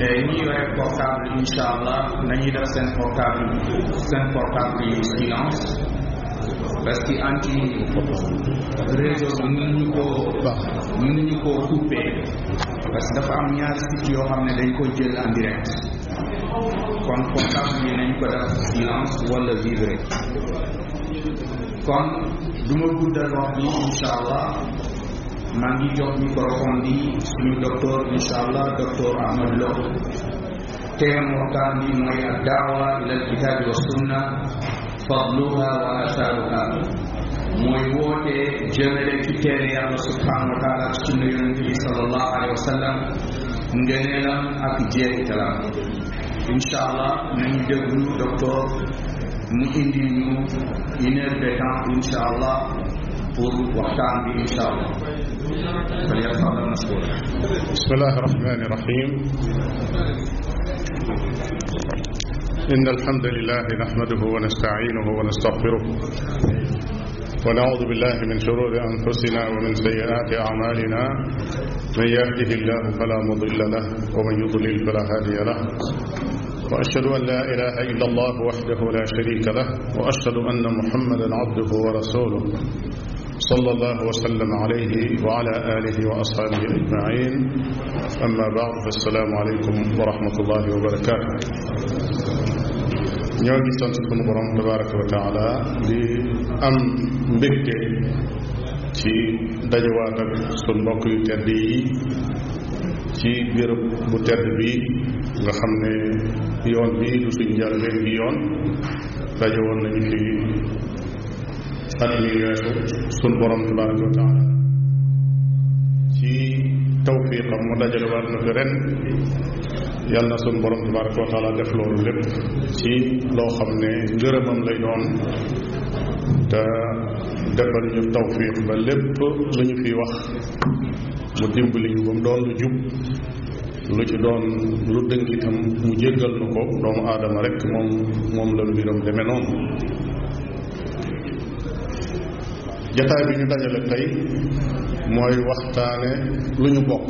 ñi yore portable incha allah nañuy def seen portable seen portable yi silence parce que anti réseau bi mënuñu koo mënuñu koo couper parce que dafa am ñaar sites yoo xam ne dañ ko jël en direct kon portable yi nañ ko def silence wala vivre kon du guddal wax bi incha allah maa ngi jox microphone bi suñu docteur incha allah docteur Ahmad Lo teem waxtaan bi mooy ak ila alkitaabi wa sunna fadluha wa asaaruha mooy woote jëmale ci teere yàlla subhanahu wa taala ak sunna yonente bi sallallahu alayhi allah nañu déglu docteur mu indi ñu une heure de temps incha allah pour waxtaan bi incha allah فليفعل مشكورا بسم الله الرحمن الرحيم إن الحمد لله نحمده ونستعينه ونستغفره ونعوذ بالله من شرور أنفسنا ومن سيئات أعمالنا من يهده الله فلا مضل له ومن يضلل فلا هادي له وأشهد أن لا إله إلا الله وحده لا شريك له وأشهد أن محمدا عبده ورسوله sallallahu wa sallam alayhi wa ala alihi wa ashaabihi ajmain amma baad fa assalaamu aleykum wa rahmatullahi wa barakaatu ñoo ngi sant sunu borom tabaraka wa taala di am mbégte ci dajawaat ak sunu mbokk yu tedd yi ci béréb bu tedd bi nga xam ne yoon bi du suñ njëlbeen bi yoon dajawoon nañu fi at mi weesu sun borom tabaraka wa taala ci tawfiqam mu dajale waat na fi ren yàlla na sun borom tabaraka wa def loolu lépp ci loo xam ne ngërëmam lay doon te defal ñu tawfiq ba lépp lu ñu fi wax mu dimbali ñu ba mu doon lu jub lu ci doon lu dënk mu jéggal na ko doomu aadama rek moom moom la mbiram demee noonu jataay bi ñu dajale tey mooy waxtaane lu ñu bokk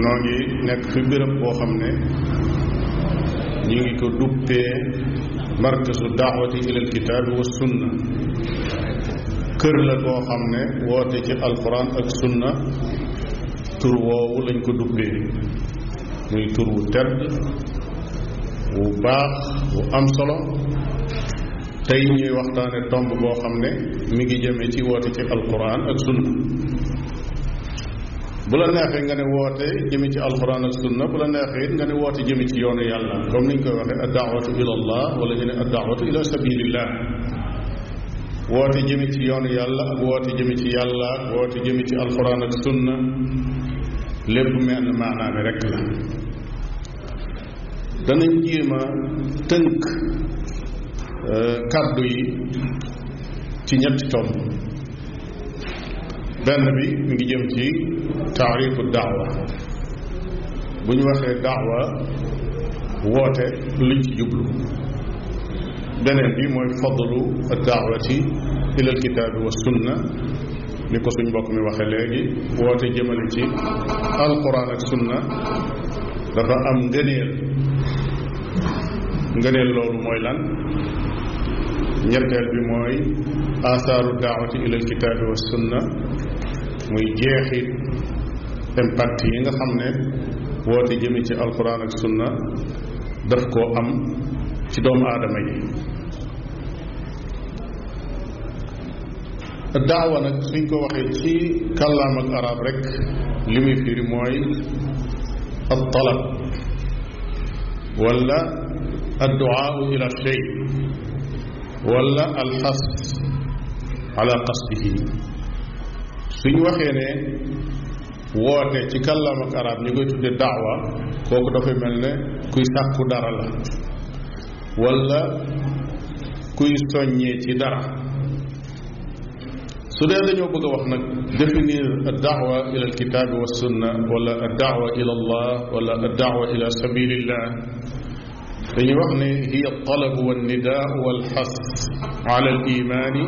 noo ngi nekk fi béréb boo xam ne ñu ngi ko duppee markasu daawati ilal kitaabi wa sunna kër la koo xam ne woote ci alquran ak sunna tur woowu lañ ko duppee muy tur wu tedd wu baax wu am solo tey ñuy waxtaane tomb boo xam ne mi ngi jëme ci woote ci alquran ak sunna bu la neexee nga ne woote jëme ci alquran ak sunna bu nga ne woote jëme ci yoonu yàlla comme niñ koy waxee addaawatu ila allah wala ñu ne addaawatu ila sabilillah woote jëme ci yoonu yàlla ak woote jëme ci yàlla ak woote jëme ci alquran ak sunna lépp menn maanaam rek la danañ jéem a tënk Euh, kàddu yi ci ñetti tomb benn bi mi ngi jëm ci taarifu daawa bu ñu waxee daawa woote luñ ci jublu beneen bi mooy fadlu daawati ila alkitaabi wa sunna ni ko suñ mbokk mi waxee léegi woote jëmale ci alquran ak sunna dafa am ngëneel ngëneel loolu mooy lan ñetteel bi mooy asaaru daawati ilal kitaabi wa sunna muy jeexit impact yi nga xam ne woote jëme ci alquran ak sunna daf ko am ci doomu aadama yi daawa nag suñ ko waxee ci kàllaam ak rek li muy mooy al talab wala adduaa ila shay wala alxas ala qasdihi suñ waxee ne woote ci kàllaam ak arab ñu koy tudde daawa kooku dafay mel ne kuy sàkku dara la wala kuy soññee ci dara su dee dañoo bëgg a wax nag définir ad-daawa ila wa sunna wala ad-daawa allah wala ad-daawa ila sabilillah dañuy wax ne hiya talabu wa nidaau wal xas ala al imaani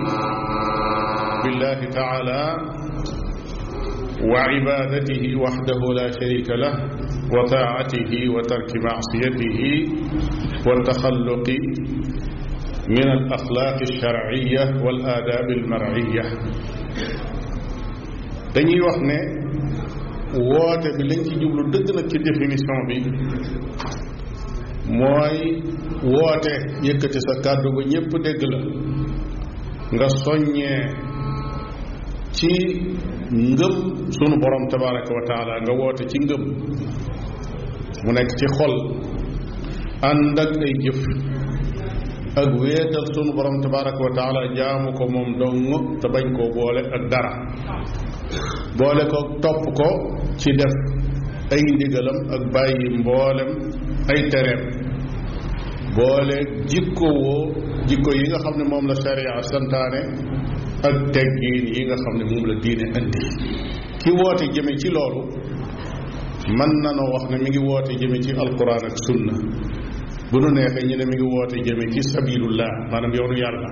billahi taala wa ibadatihi waxdahu la sharika lah wa taatihi wa tarki macsiyatihi wa taxalluqi min al axlaaqi alsharciya wal aadaabi almarciya dañuy wax ne woote bi lañ ci jublu dëgg nag ci définition bi mooy woote yëkkati sa kàddu ba ñépp dégg la nga soññee ci ngëm sunu borom tabaraka nga woote ci ngëm mu nekk ci xol ànd ak ay jëf ak wéetal sunu borom tabaraka jaamu ko moom dong te bañ koo boole ak dara boole ko topp ko ci def ay ndigalam ak bàyyi mboolem ay tereem boole jikko woo jikko yi nga xam ne moom la sharia santaane ak teggiin yi nga xam ne moom la diine indi ki woote jëme ci loolu mën na noo wax ne mi ngi woote jëme ci alquran ak sunna bu ñu neexee ñu ne mi ngi woote jëme ci sabilullah maanaam yoonu yàlla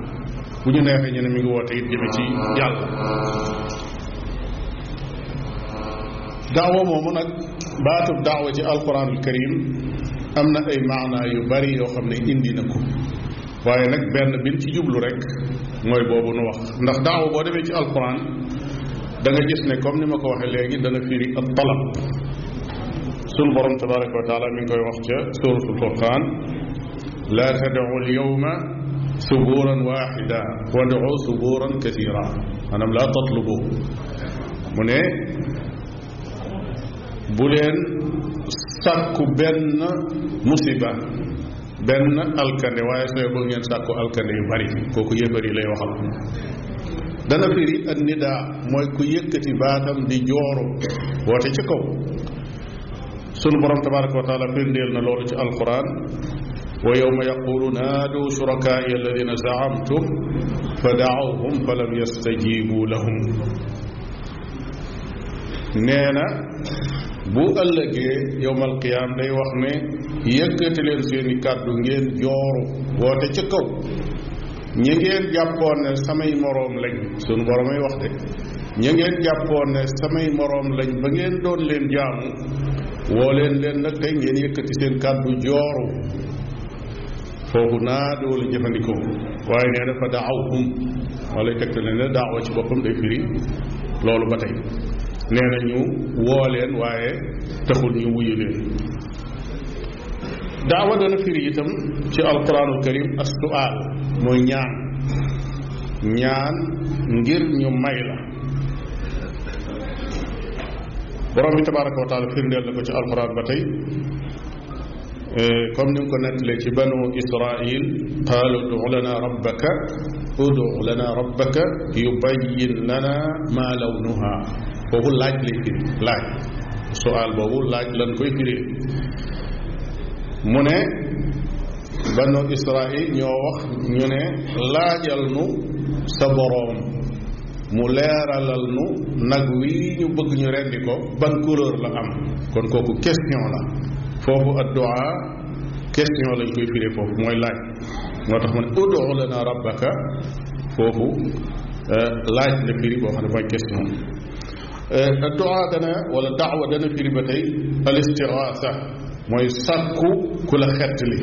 bu ñu neexee ñu ne mi ngi woote it jëme ci yàlla daawa moomu nag baatub daawa ci alquranul karim am na ay maanaa yu bari yoo xam ne indi na ko waaye nag benn bin ci jublu rek mooy boobu nu wax ndax daaw boo demee ci alquran da nga gis ne comme ni ma ko waxee léegi dana firi ak talab sunu borom tabaraka wa taala mi ngi koy wax ca suratul furqaan laa tad'u lyawma suburan waxida wad'u suburan katira maanaam laa tatlubu mu ne bu leen sàkku benn musiba benn alkande waaye sooy bëgg ngeen sàkku alkande yu bari kooku yéefar yi lay waxal dana firi ak mooy ku yëkkati baatam di jooru woote ci kaw sunu borom tabaraka wa taala na loolu ci alquran wa yowma yaqulu naadu shurakaai alladina zaamtum fa daawhum fa lam yastajibu lahum nee bu ëllëgee yowmal qiyaam day wax ne yëkkati leen seeni kàddu ngeen jooru woote ca kaw ñi ngeen jàppoon ne samay moroom lañ sunu boromay wax de ñi ngeen jàppoon ne samay moroom lañ ba ngeen doon leen jaamu woo leen leen nag tey ngeen yëkkati seen kàddu jooru foofu naa di wala jëfandikoo waaye nee na fa daawhum wala tegte ne ne daawa ci boppam day firi loolu ba tey nee na ñu waaye taxul ñu wuyu leen daawa dana ci alquranul karim as suaal mooy ngir ñu may la borom bi tabaraka wa taala firndeel na ci alquran ba tey comme ni ci banu israil qaalu udu lana rabbaka udu lana rabbaka yubayin lana ma lawnuha foofu laaj lay firi laaj sual boobu laaj lan koy firi mu ne banu israil ñoo wax ñu ne laajal nu sa boroom mu leeralal nu nag wi ñu bëgg ñu rendi ko ban couleur la am kon kooku question la foofu addu'a question lañ koy firee foofu mooy laaj moo tax mu ne ud'u lana rabbaka foofu euh, laaj la firi boo xam ne mooy question Euh, du'a dana wala daawa dana firi ba tey al istiraasa mooy sàkku ku la xettali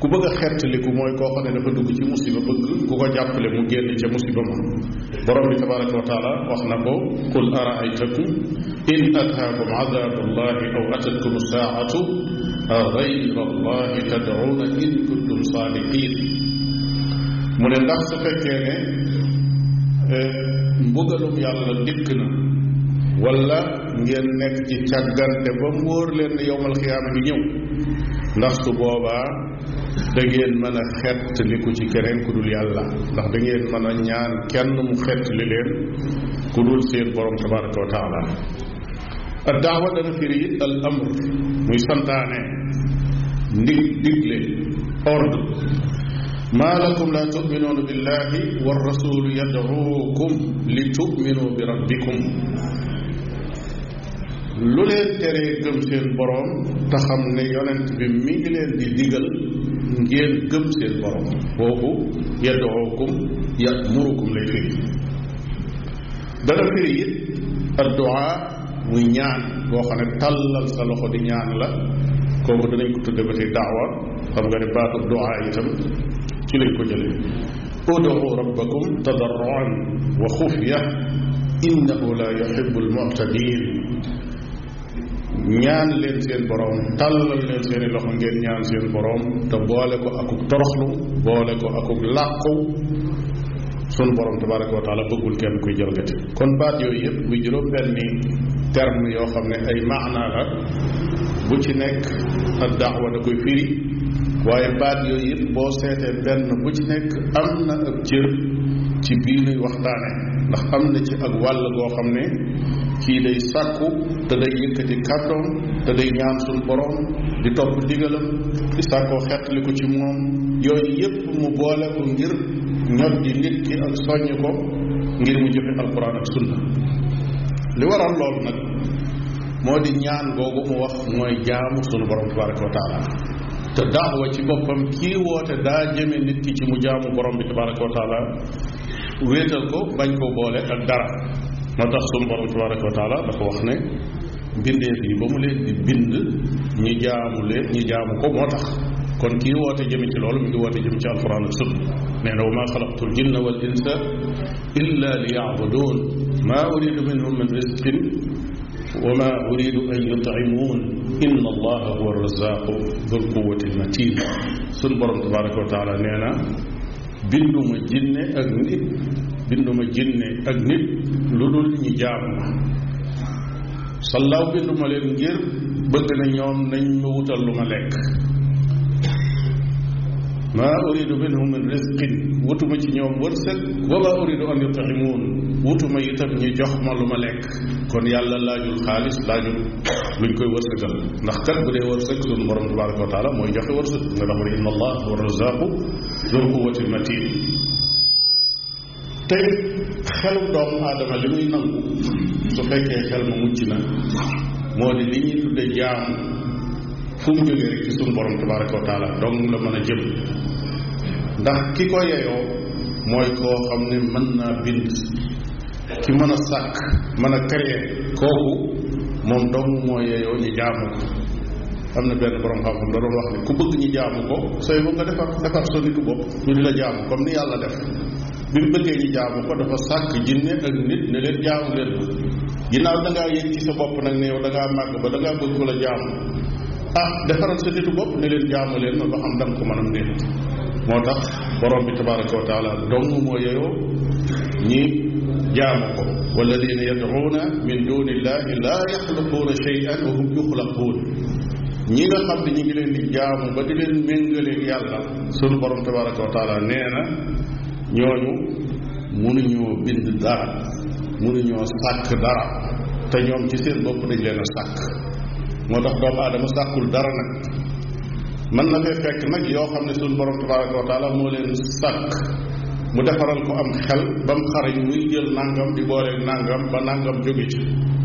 ku bëgg a xettaliku mooy koo xam ne dafa dugg ci musiba bëgg ku ko jàppale mu génn ca musiba ma borom bi tabaraka wa taala wax na ko qul araaytakum in ataakum adabullahi aw atatkum saatu gayra allahi tad'una in kuntum saadiqin mu ne ndax su fekkee ne euh, mbugalum yàlla dikk na wala ngeen nekk ci càggante ba mu wóor leen ne yowmal xiyaama bi ñëw ndax su boobaa da ngeen mën a xett li ku ci keneen ku dul yàlla ndax da ngeen mën a ñaan kenn mu xett li leen ku dul seen borom tabaraka wa taala a daawa dana firi it al amr muy santaane ndig digle ordre maa lakum laa tuminuuna billahi wa rasulu yad'uukum li tuminuu bi rabbikum lu leen teree gëm seen boroom te xam ne yonent bi mi ngi leen di digal ngeen gëm seen boroom foofu yadookum yamurukum lay firi dana firi it adduwaa muy ñaan boo xam ne tàllal sa loxo di ñaan la kooku danañ ko tudde ba tey daawa xam nga ne baatu duwaa itam ci lañ ko jëlee ud'u rabbakum tadarruan wa xufya innahu la yuhibbu almu'tadin ñaan leen seen boroom tàllal leen seen loxo ngeen ñaan seen boroom te boole ko akuk toroxlu boole ko akuk làqu sunu borom tabaraka wa taala bëggul kenn kuy jalgati kon baat yooyu yëpp muy juróom benni terme yoo xam ne ay maanaa bu ci nekk ak daawa da koy firi waaye baat yooyu yëpp boo seetee benn bu ci nekk am na ab cër ci bii nuy ndax am na ci ak wàll goo xam ne kii day sàkku te day yëkkati kàddoom te day ñaan suñ borom di topp ndigalam di sàkkoo xettaliku ci moom yooyu yépp mu boole ko ngir ñot di nit ki ak soññ ko ngir mu jëfe alquran ak sunna li waral loolu nag moo di ñaan boobu mu wax mooy jaamu sunu borom tabaraka wa te daawa ci boppam kii woote daa jëme nit ki ci mu jaamu borom bi tabaraka wa wéetal ko bañ koo boole ak dara moo tax suñu borom tabaraka wa taala dafa wax ne mbindeef yi ba mu leen di bind ñi jaamu leen ñi jaamu ko moo tax kon kii woote jëme ci loolu mi ngi woote jëm ci alquran ak sunna nee na wa maa xalaqtul jinna wal insa illa li yaabuduun maa uridu minhum min risqin wa maa uridu an yutcimuun inna allaha huwa arrazaqu dul quwati almatin sun borom tabaraka wa taala nee na binduma jinne ak nit binduma jinne ak nit lu dul ñu jaam ma sallaaw ma leen ngir bëgg na ñoom nañ ma wutal lu ma lekk maa uridu minhum min risqin wutuma ci ñoom wërsëg wa uridu an yut'imuun wutuma itam ñu jox ma lu ma lekk kon yàlla laajul xaalis laajul luñ koy wërsëgal ndax kat bu dee wërsëg sunu borom tabaraka wa mooy joxe wërsëg nga tax inna allah wa razaqu dul quwati matin te xelum doomu aadama li muy nangu su fekkee xel ma mucc na moo di li ñuy tudde jaamu fu mu jógee rek sunu borom tabaraka wa taala la mën a jëm ndax ki ko yeyoo mooy koo xam ne mën naa bind ki mën a sàkk man a créer kooku moom dong moo yeyoo ñu jaamu ko am na benn borom xam-xam da doon wax ne ku bëgg ñu jaamu ko sooy boo nga defar defar sa nitu bopp la comme ni yàlla def bi mu bëggee ñu jaamu ko dafa sàkk jinne ak nit ne leen jaamu leen ko da da ngaa màgg la jaamu ah defaral sa nitu bopp ne leen jaamu leen ma ba xam da ko mën a moo tax borom bi tabaraka wa taala dong moo yeyoo ñi jaamu ko walladina yad'uuna min dunillahi laa yaxluquuna shay'an wa hum yuxlaquun ñi nga xam ne ñi ngi leen di jaamu ba di leen méngaleeg yàlla sunu boroom tabaraka wa taala nee na ñooñu mënuñoo bind dara mënuñoo sàkk dara te ñoom ci seen bopp dañ leen a sàkk moo tax doomu aadama sàkkul dara nag man na fee fekk nag yoo xam ne suñu borom tabaraka wa taala moo leen sàkk mu defaral ko am xel ba mu xarañ muy nangam di booleeg nangam ba nangam jóge ci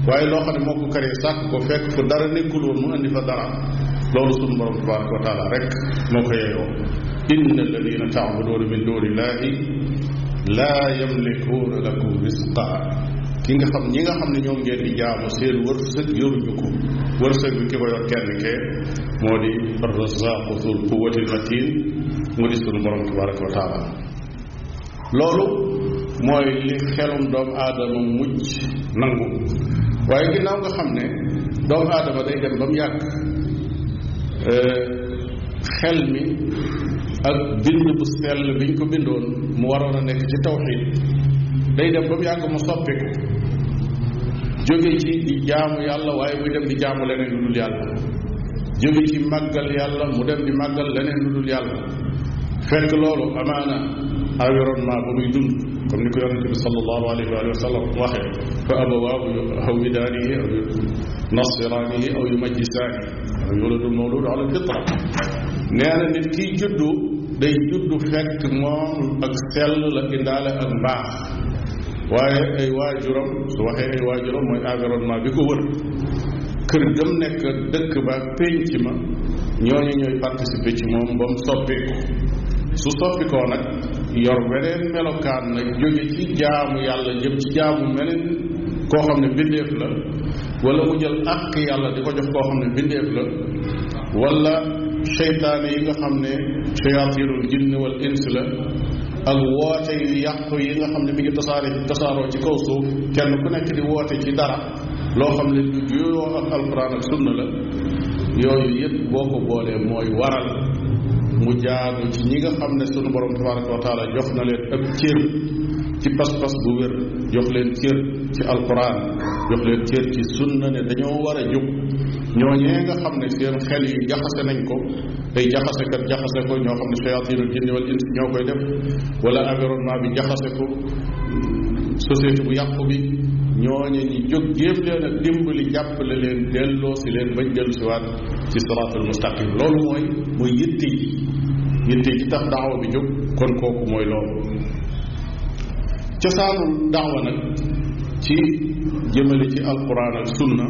waaye loo xam ne moo ko karee sàkk ko fekk fu dara nekkul woon mu indi fa dara loolu suñu borom tabaraka wa taala rek moo ko yeyoo inna alladina taabuduuna min duunillahi laa yamlikuuna lakum risqa ki nga xam ñi nga xam ne ñoom ngeen di jaamu seen wërsëg yoruñu ko wërsëg bi ki ko kenn moo di arrazaaqu zul quwwatil matin mu di sunu borom tabaraka wa taala loolu mooy li xelum doomu aadama mujj nangu waaye ginnaaw nga xam ne doomu aadama day dem ba mu yàgg eh, xel mi ak bind bu sell biñ ko bindoon mu waroon a nekk ci tawxiid day dem ba mu yàgg mu soppiku jóge ci di jaamu yàlla waaye muy dem di jaamu leneen lu dul yàlla jóge ci màggal yàlla mu dem di màggal leneen lu dul yàlla fekk loolu amaana environnement ba muy dund comme ni ko yonente bi sallallahu alayhi wa sallam waxee fa abawaahu yuhawwidaanihi aw yunasiraanihi aw yumajjisaanihi aw yuladul mawlud ala fitra nee na nit kiy juddu day juddu fekk moom ak sell la indaale ak mbaax waaye ay waajuram su waxee ay waajuram mooy environnement bi ko wër kër gëm nekk dëkk ba pénc ma ñooñu ñooy participer ci moom ba mu soppeeku su soppikoo nag yor beneen melokaan nag jóge ci jaamu yàlla jëm ci jaamu meneen koo xam ne bindeef la wala mu jël àq yàlla di ko jox koo xam ne bindeef la wala seytaane yi nga xam ne shayatinul jinn wal ins la ak woote yu yàqu yi nga xam ne mi ngi tasaare tasaaroo ci kaw suuf kenn ku nekk di woote ci dara loo xam ne lu juyoo ak alquran ak sunna la yooyu yëpp boo ko boolee mooy waral mu jaadu ci ñi nga xam ne sunu borom tabaraka wa taala jox na leen ab cër ci pas-pas bu wér jox leen cër ci alquran jox leen cër ci sunna ne dañoo war a jub ñooñee nga xam ne seen xel yu nañ ko ay jaxase kat jaxase ko ñoo xam ne shayatinul jinni wal insi ñoo koy def wala environnement bi jaxase ko société bu yàqu bi ñooñe ñi jóg jéem leen ak dimbali jàppale leen delloo si leen bañ dellu si waat ci siraatul mustaqim loolu mooy muy yitte yi yitte tax daawa bi jóg kon kooku mooy loolu cosaanul daawa nag ci jëmale ci alquran ak sunna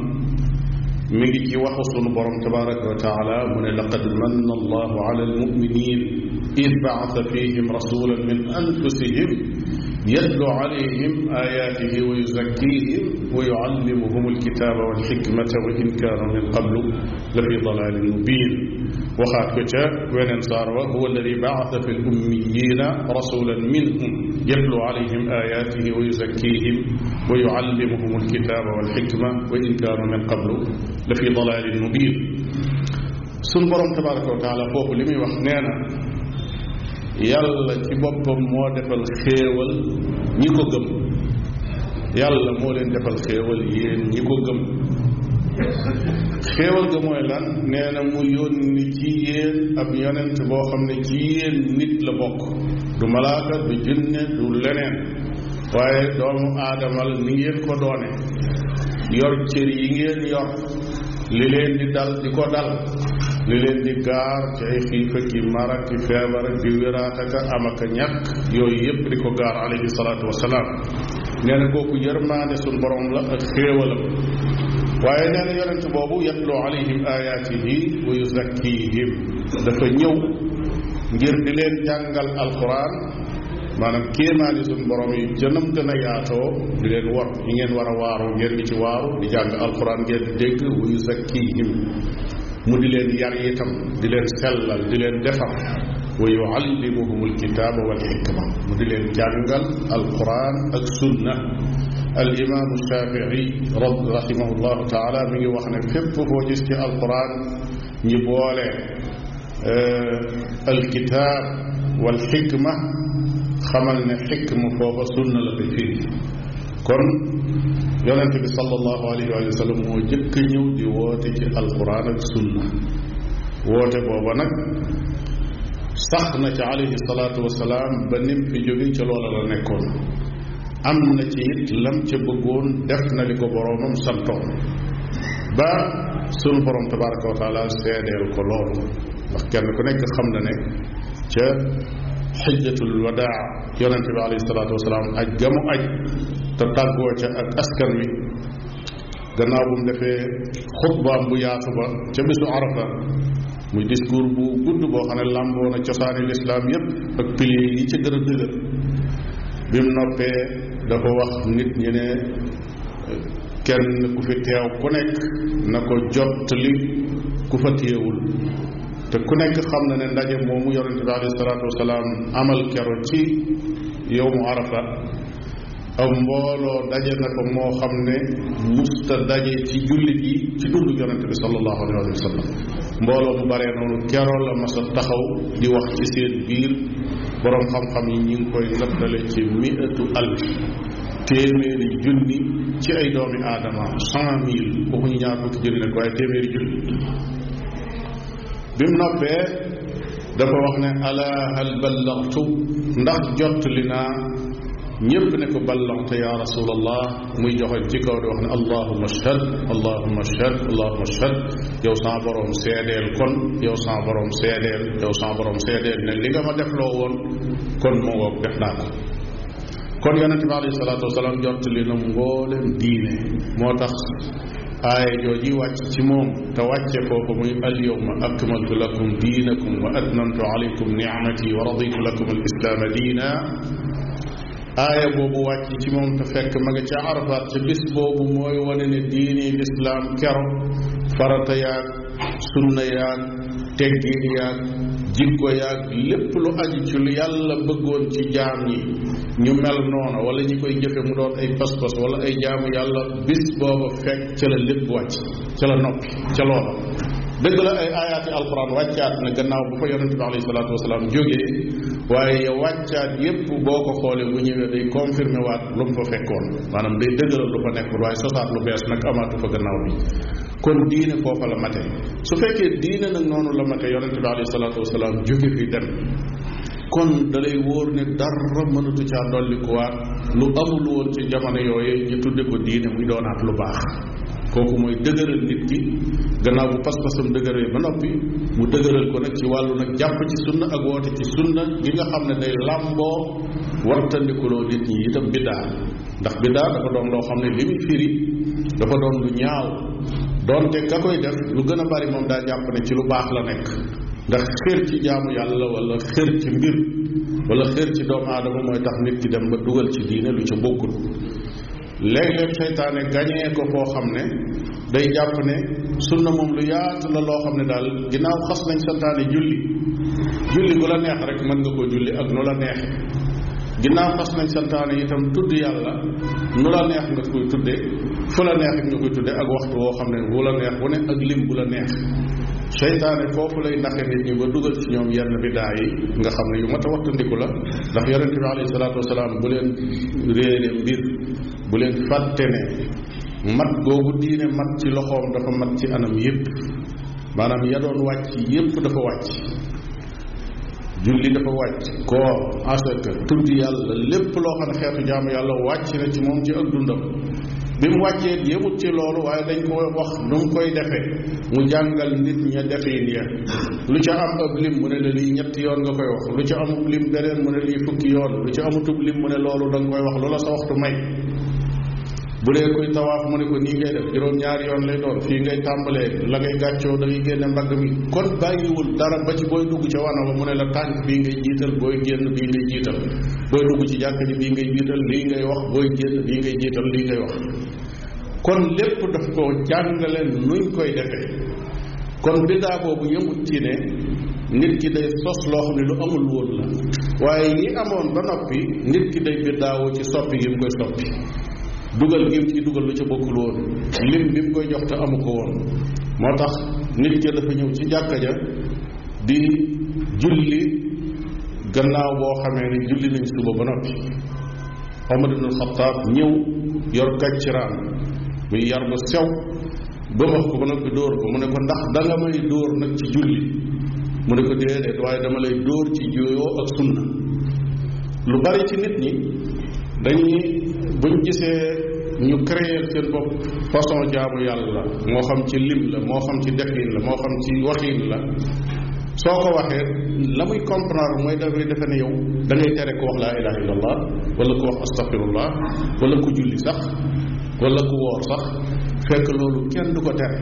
mi ngi ci waxu sunu borom tabaraka wa taala mu ne laqad manna allahu ala almuminin id baasa fihim rasulan min anfusihim yatlu alayhim ayatihi wa yuzakkihim wa yuallimuhum alkitaba walxikmata wa in kaanu min qablu la fi dalalin mubin waxaat ko ca weneen saar wa huwa alladi baata fi lummiyina rasulan minhum yatlu alayhim ayatihi wa yuzakkihim wa yuallimuhum alkitaba walxikma wa in kaanu min qablu la fi dalalin mubin sun borom tabaraka wa taala foofu li muy wax nee na yàlla ci boppam moo defal xéewal ñi ko gëm yàlla moo leen defal xéewal yéen ñi ko gëm xéewal ga mooy lan nee na mu yónni ci yéen ab yonent boo xam ne ci yéen nit la bokk du malaaka du jinne du leneen waaye doomu aadama la ni ngeen ko doone yor cër yi ngeen yor li leen di dal di ko dal li leen di gaar ci ay xiif ak i mar feebar ak i wéraat am ak ñàkk yooyu yépp di ko gaar alayhi salaatu wasalaam nee na kooku yërmaande suñ borom la ak xéewalam waaye nee na yonent boobu yatlu alayhim ayaatihi wa yuzakkihim dafa ñëw ngir di leen jàngal alquran maanaam kéemaani suñ borom yi jënam gën a yaatoo di leen war ñi ngeen war a waaru ngeen di ci waaru di jàng alquran ngeen di dégg wa yuzakkihim mu di leen yar itam di leen sellal di leen defar wa yuallimuhum alkitaaba wal xikma mu di leen jàngal alquran ak sunna al imaamu Shafii rahimahullahu taala mi ngi wax ne fépp foo gis ci alquran ñi boole eh, alkitaab wal xikma xamal ne xikma foofa sunna la fi fii kon yonent bi sallallahu alayhi wa sallam moo jëkk ñëw di woote ci alquran ak sunna woote booba nag sax na ci alayhi salaatu wasalaam ba nim fi jóge ca loola la nekkoon am na ci it lam ca bëggoon def na li ko boroomam santoon ba sunu borom tabaraka wa seedeel ko loolu ndax kenn ku nekk xam na ne ca xijjatul tàggoo ca ak askan wi gannaaw bu mu defee xutbaam bu yaatu ba ca bisu arafa muy discours bu gudd boo xam ne làmboo na cosaani lislaam yépp ak piliers yi ci gën a dëgër bi mu noppee dafa wax nit ñi ne kenn ku fi teew ku nekk na ko jottali ku fa téyewul te ku nekk xam na ne ndaje moomu yonente bi alayhi salaatu wasalaam amal kero ci mu arafa aw mbooloo daje na ko moo xam ne musta daje ci jullit yi ci dund yonente bi sallallahu alayhi wa sallam mbooloo mu baree noonu kero la mas a taxaw di wax ci seen biir borom xam-xam yi ñu ngi koy nattale ci miatu alf téeméeri junni ci ay doomi aadama cent mille ñu ñaar fukki junni nag waaye téeméeri junni bi mu noppee dafa wax ne ala ballaxtu ndax jot naa ñépp ne ko ballaxte yaa rasulallah muy joxoñ ci kaw di wax ne allahuma shhad allahuma shhad allahuma shhad yow saa borom seedeel kon yow saa borom seedeel yow saa borom seedeel ne li nga ma defloo woon kon moo ngoog def naa ko kon yonente bi alayhi salaatu wasalaam jottali na mbooleem diine moo tax aaya jooji wàcc ci moom te wàcce koo ko muy alyawma akmaltu lakum diinakum wa atmamtu alaykum nicmati wa raditu lakum alislaama diina aaya boobu wàcc ci moom te fekk ma ca Arafat ca bis boobu mooy wane ne diini lislaam kero farata yaag sunna yaag teggin yaag jikko yaag lépp lu aju ci lu yàlla bëggoon ci jaam yi ñu mel noona wala ñi koy jëfe mu doon ay pas-pas wala ay jaamu yàlla bis booba fekk ca la lépp wàcc ca la noppi ca loola dëgg la ay ayaati alquran wàccaat na gannaaw bu fa yonente bi alayhi salaatu wasalaam jógee waaye wàccaat yépp boo ko xoolee bu ñëwee day confirmé waat lu mu fa fekkoon maanaam day dëgëral lu fa nekkul waaye sosaat lu bees nag amaatu fa gannaaw bi kon diine foofa la mate su fekkee diine nag noonu la mate yonente bi alayhi salaatu wasalaam jóge fi dem kon da lay wóor ne dara mënatu caa dollikuwaat lu amul woon ci jamono yooyu ñu tudde ko diine muy doonaat lu baax kooku mooy dëgëral nit ki gannaaw bu pas-pasam dëgëree ba noppi mu dëgëral ko nag ci wàllu nag jàpp ci sunna ak woote ci sunna gi nga xam ne day làmboo wartandikuloo nit ñi itam biddaa ndax biddaa dafa doon loo xam ne li muy firi dafa doon lu ñaaw doonte a koy def lu gën a bari moom daa jàpp ne ci lu baax la nekk ndax xër ci jaamu yàlla wala xër ci mbir wala xër ci doomu aadama mooy tax nit ki dem ba dugal ci diine lu ca bokkul léeg-léeg seytaane gañee ko koo xam ne day jàpp ne sunna moom lu yaatu la loo xam ne daal ginnaaw xas nañ santaane julli julli gu la neex rek mën nga koo julli ak lu la neex ginnaaw xas nañ santaane itam tudd yàlla nu la neex nga koy tudde fu la neex nga koy tudde ak waxtu woo xam ne wu la neex wu ne ak lim bu la neex seytaane foofu lay naxe nit ñi ba dugal ci ñoom yenn bidaa yi nga xam ne yu mat a wattandiku la ndax yonente bi alayhi salaatu wasalaam bu leen réere mbir bu leen fàtte ne mat googu diine mat ci loxoom dafa mat ci anam yépp maanaam ya doon wàcc yépp dafa wàcc julli dafa wàcc koor asaka tudd yàlla lépp loo xam ne xeetu jaamu yàlla wàcc na ci moom ci ak dundam bi mu wàccee yëmut ci loolu waaye dañ koo wax nu mu koy defee mu jàngal nit ña defin ya lu ca am ab lim mu ne la lii ñetti yoon nga koy wax lu ca amub lim beneen mu ne lii fukki yoon lu ca amutub lim mu ne loolu da nga koy wax loola sa waxtu bu dee kuy tawaaf mu ne ko nii ngay def juróom-ñaari yoon lay doon fii ngay tàmbalee la ngay gàccoo da ngay génne mbagg mi kon bàyyiwul dara ba ci booy dugg ca wana ba mu ne la tànk bii ngay jiital booy génn bii ngay jiital booy dugg ci jàkk ji bii ngay jiital lii ngay wax booy génn bii ngay jiital lii ngay wax kon lépp daf ko jàngale nuñ koy defee kon biddaa boobu yëmut ci ne nit ki day sos loo xam ne lu amul woon la waaye yi amoon ba noppi nit ki day biddaawu ci soppi gi mu koy dugal gi ci dugal lu ca bokkul woon lim bi mu koy jox te amu ko woon moo tax nit ki dafa ñëw ci jàkka ja di julli gannaaw boo xamee ni julli nañ suba ba noppi Omar ibn Xataab ñëw yor kàcciraan muy yar bu sew bëmax ko ba noppi dóor ko mu ne ko ndax da nga may dóor nag ci julli mu ne ko déedéet waaye dama lay dóor ci jooyoo ak sunna lu bari ci nit ñi dañuy ñu gisee ñu créer seen bopp façon jaamu yàlla la moo xam ci lim la moo xam ci defin la moo xam ci waxin la soo ko waxee la muy comprendre mooy dafay defe ne yow da ngay tere ku wax laa ilaha illallah wala ku wax astaghfirullah wala ku julli sax wala ku woor sax fekk loolu kenn du ko tere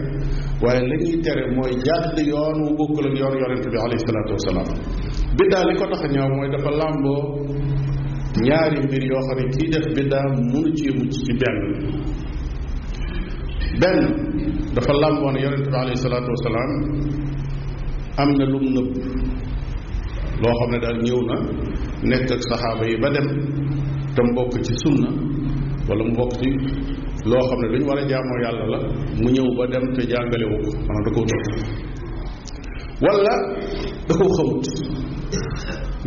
waaye la ñuy tere mooy jàdd yoon wu bokkul ak yoon yonente bi alayhi salaatu wasalaam biddaa li ko tax ñaaw mooy dafa làmboo ñaari mbir yoo xam ne kii def biddaa mënu ci mucc ci benn benn dafa làmboon yonente bi alayhi salaatu wasalaam am na lu mu nëbb loo xam ne daal ñëw na nekk ak saxaaba yi ba dem te mbokk ci sunna wala mu bokk ci loo xam ne lu war a jaamoo yàlla la mu ñëw ba dem te jàngalewu ko maanaam da koo nëbb wala da koo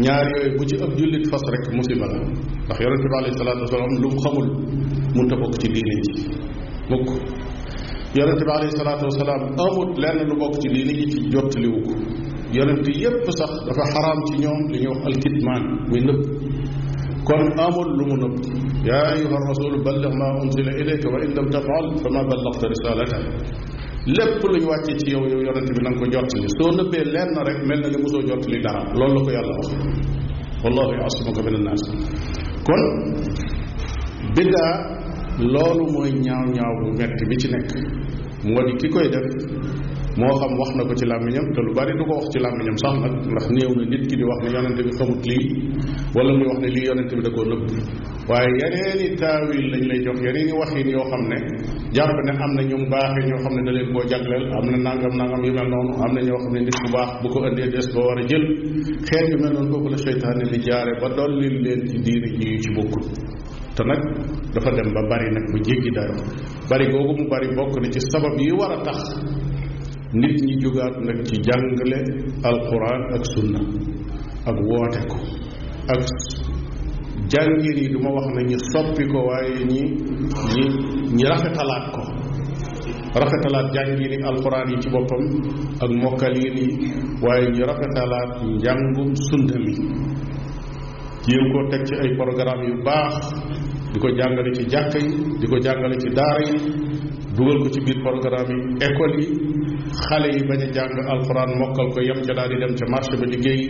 ñaar yooyu bu ci ab jullit fas rek musiba la ndax yonent bi alayhi salaatu wasalaam lu mu xamul munta bokk ci diine ji mukk yonent bi alayhi salaatu wasalaam amut lenn lu bokk ci diine ji ci jottaliwu ko yonent yépp sax dafa xaraam ci ñoom li ñuy wax alkitmaan muy nëbb kon amul lu mu nëbb yaa ayuha rasul balligh ma unsila ilayka wa in lam tafal fa ma ballagta risalata lépp lu ñu wàccee ci yow yow yonent bi na nga ko jottali soo nëbbee lenn rek mel na nga mosoo jottali dara loolu la ko yàlla wax wallahu yaasumuka min annaas kon biddaa loolu mooy ñaaw ñaaw bu metti bi ci nekk moo di ki koy def moo xam wax na ko ci làmmiñam te lu bari du ko wax ci làmmiñam sax nag ndax néew na nit ki di wax ne yonente bi xamut lii wala muy wax ne lii yonente bi da koo nëbb waaye yeneeni taawil lañ lay jox yeneeni waxin yoo xam ne jàpp ne am na ñu baaxee ñoo xam ne da koo jagleel am na nangam nangam yu mel noonu am na ñoo xam ne nit bu baax bu ko indee des ba war a jël xeen yu mel noonu kooku la seytaane li jaare ba dollil leen ci diine ji yu ci bokkul te nag dafa dem ba bari nag bu jéggi dayo bari googu mu bari bokk na ci sabab yi war tax nit ñi jógaat nag ci jàngale alquran ak sunna ak woote ko ak jàngir yi du wax na ñi soppi ko waaye ñi ñi ñi rafetalaat ko rafetalaat jàngir yi alquran yi ci boppam ak mokkal yi waaye ñi rafetalaat njàngum sunna mi yéen koo teg ci ay programme yu baax di ko jàngale ci jàkk yi di ko jàngale ci daara yi dugal ko ci biir programme yi école yi xale yi bañ a jàng alxuraan mokkal ko yem ca daal di dem ca marché ba liggéey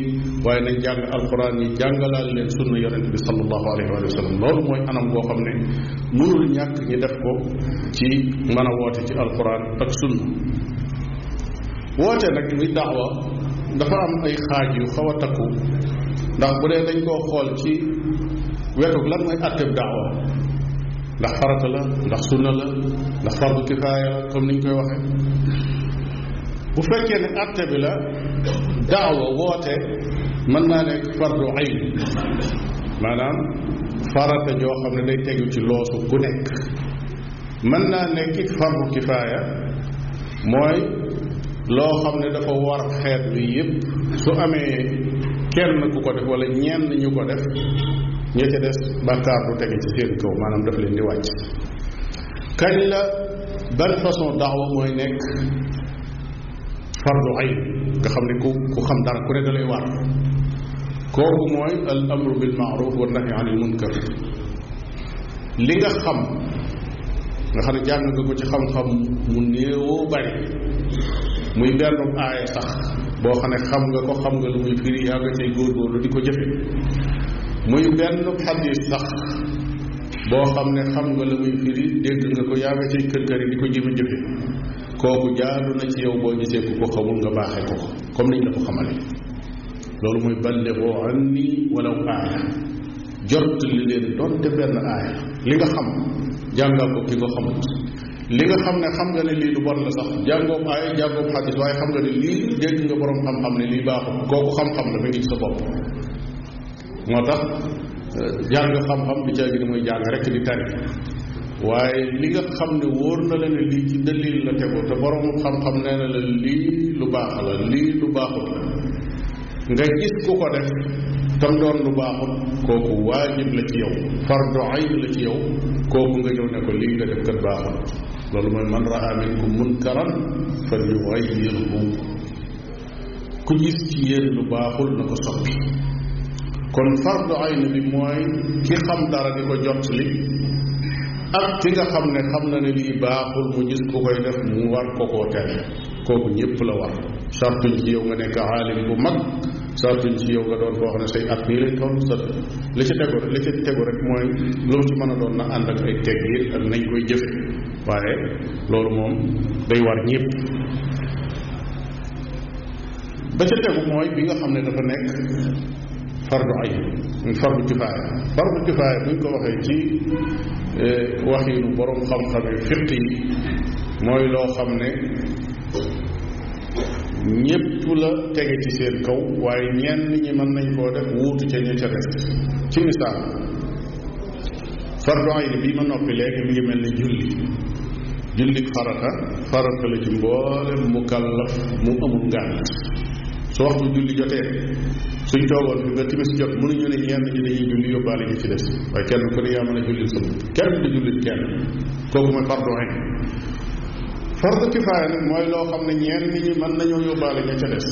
waaye nañ jàng alxuraan yi jàngalaal leen sunna yonent bi sallallahu alayhi wa sallam loolu mooy anam boo xam ne mënul ñàkk ñi def ko ci mën a woote ci alxuraan ak sunna woote nag muy daawa dafa am ay xaaj yu xaw a takku ndax bu dee dañ koo xool ci wetu lan mooy atteb daawa ndax farata la ndax sunna la ndax fardu kifaaya la comme ni ñu koy waxee bu fekkee ne atte bi la daawa woote mën naa nekk fardu ayn maanaam farata joo xam ne day tegu ci loosu ku nekk mën naa nekk it fardu kifaaya mooy loo xam ne dafa war xeet wi yépp su amee kenn ku ko def wala ñenn ñu ko def ña ca des bàkkaar du tege ci seen kaw maanaam daf leen di wàcc kañ la ban façon daawa mooy nekk fardu ay nga xam ne ku ku xam dara ku ne da lay war kooku mooy al amru bil maaruf wa nahi anil munkar li nga xam nga xam ne jàng nga ko ci xam-xam mu néewoo bari muy benn aaya sax boo xam ne xam nga ko xam nga lu muy firi yaa nga cay góorgóorlu di ko jëfe muy benn xadis sax boo xam ne xam nga la muy firi dégg nga ko yaa nga ciy kër kër di ko jëfe jëfe kooku jaadu na ci yow boo gisee ku ko xamul nga baaxee ko ko comme niñ la ko xamale loolu muy balle boo an nii walaw aaya jot li leen donte li nga xam jàngal ko ki nga xamut li nga xam ne xam nga ne lii lu bon sax jàngoob aaya jàngoob xadis waaye xam nga ne lii dégg nga borom xam-xam ne lii baaxul kooku xam-xam la mi ngi ci sa bopp moo tax euh, jàng xam-xam bi caagi ni muy jàng rekk di tari waaye li nga xam ne wóor na la ne lii ci dalil la tegu te borom xam-xam nee na la lii lu baax la lii lu baaxut la nga gis ku ko def tam doon lu baaxut kooku waajib la ci yow fardu ayn la ci yow kooku nga ñëw ne ko lii nga def kat baaxut loolu mooy man raa minkum munkaran fal yugayyirhu ku gis ci yéen lu baaxul na ko soppi kon fardu ayn bi mooy ki xam dara di ko jot li ak ki nga xam ne xam na ne lii baaxul mu gis ku koy def mu war ko koo tere kooku ñépp la war sartuñ ci yow nga nekk aalim bu mag sartuñ ci yow nga doon koo xam ne say at nii lay toll sa li ci tegu li ci tegu rek mooy loo ci mën a doon na ànd ak ay teggiin ak nañ koy jëfe waaye loolu moom day war ñépp ba ca tegu mooy bi nga xam ne dafa nekk fardu ay muy fardu kifaaya fardu kifaaya buñ ko waxee ci eh, waxiinu boroom xam-xam yi yi mooy loo xam ne ñépp la tege ci seen kaw waaye ñenn ñi mën nañ koo def wuutu ca ña ca des ci misaal fardu ayni bi ma noppi léegi mi ngi mel ni julli julli farata farata la ci mboolem mukallaf mu amul ngànt su waxtu julli jotee suñ toogoon fi nga timis jot mënuñu ne ñenn ñi dañuy julli yóbbaale ñi ci des waaye kenn ku ne yaa mën a jullil sa bopp kenn du jullit kenn kooku mooy fardu ayn fardu kifaaya nag mooy loo xam ne ñenn ñi mën nañoo yóbbaale ña ca des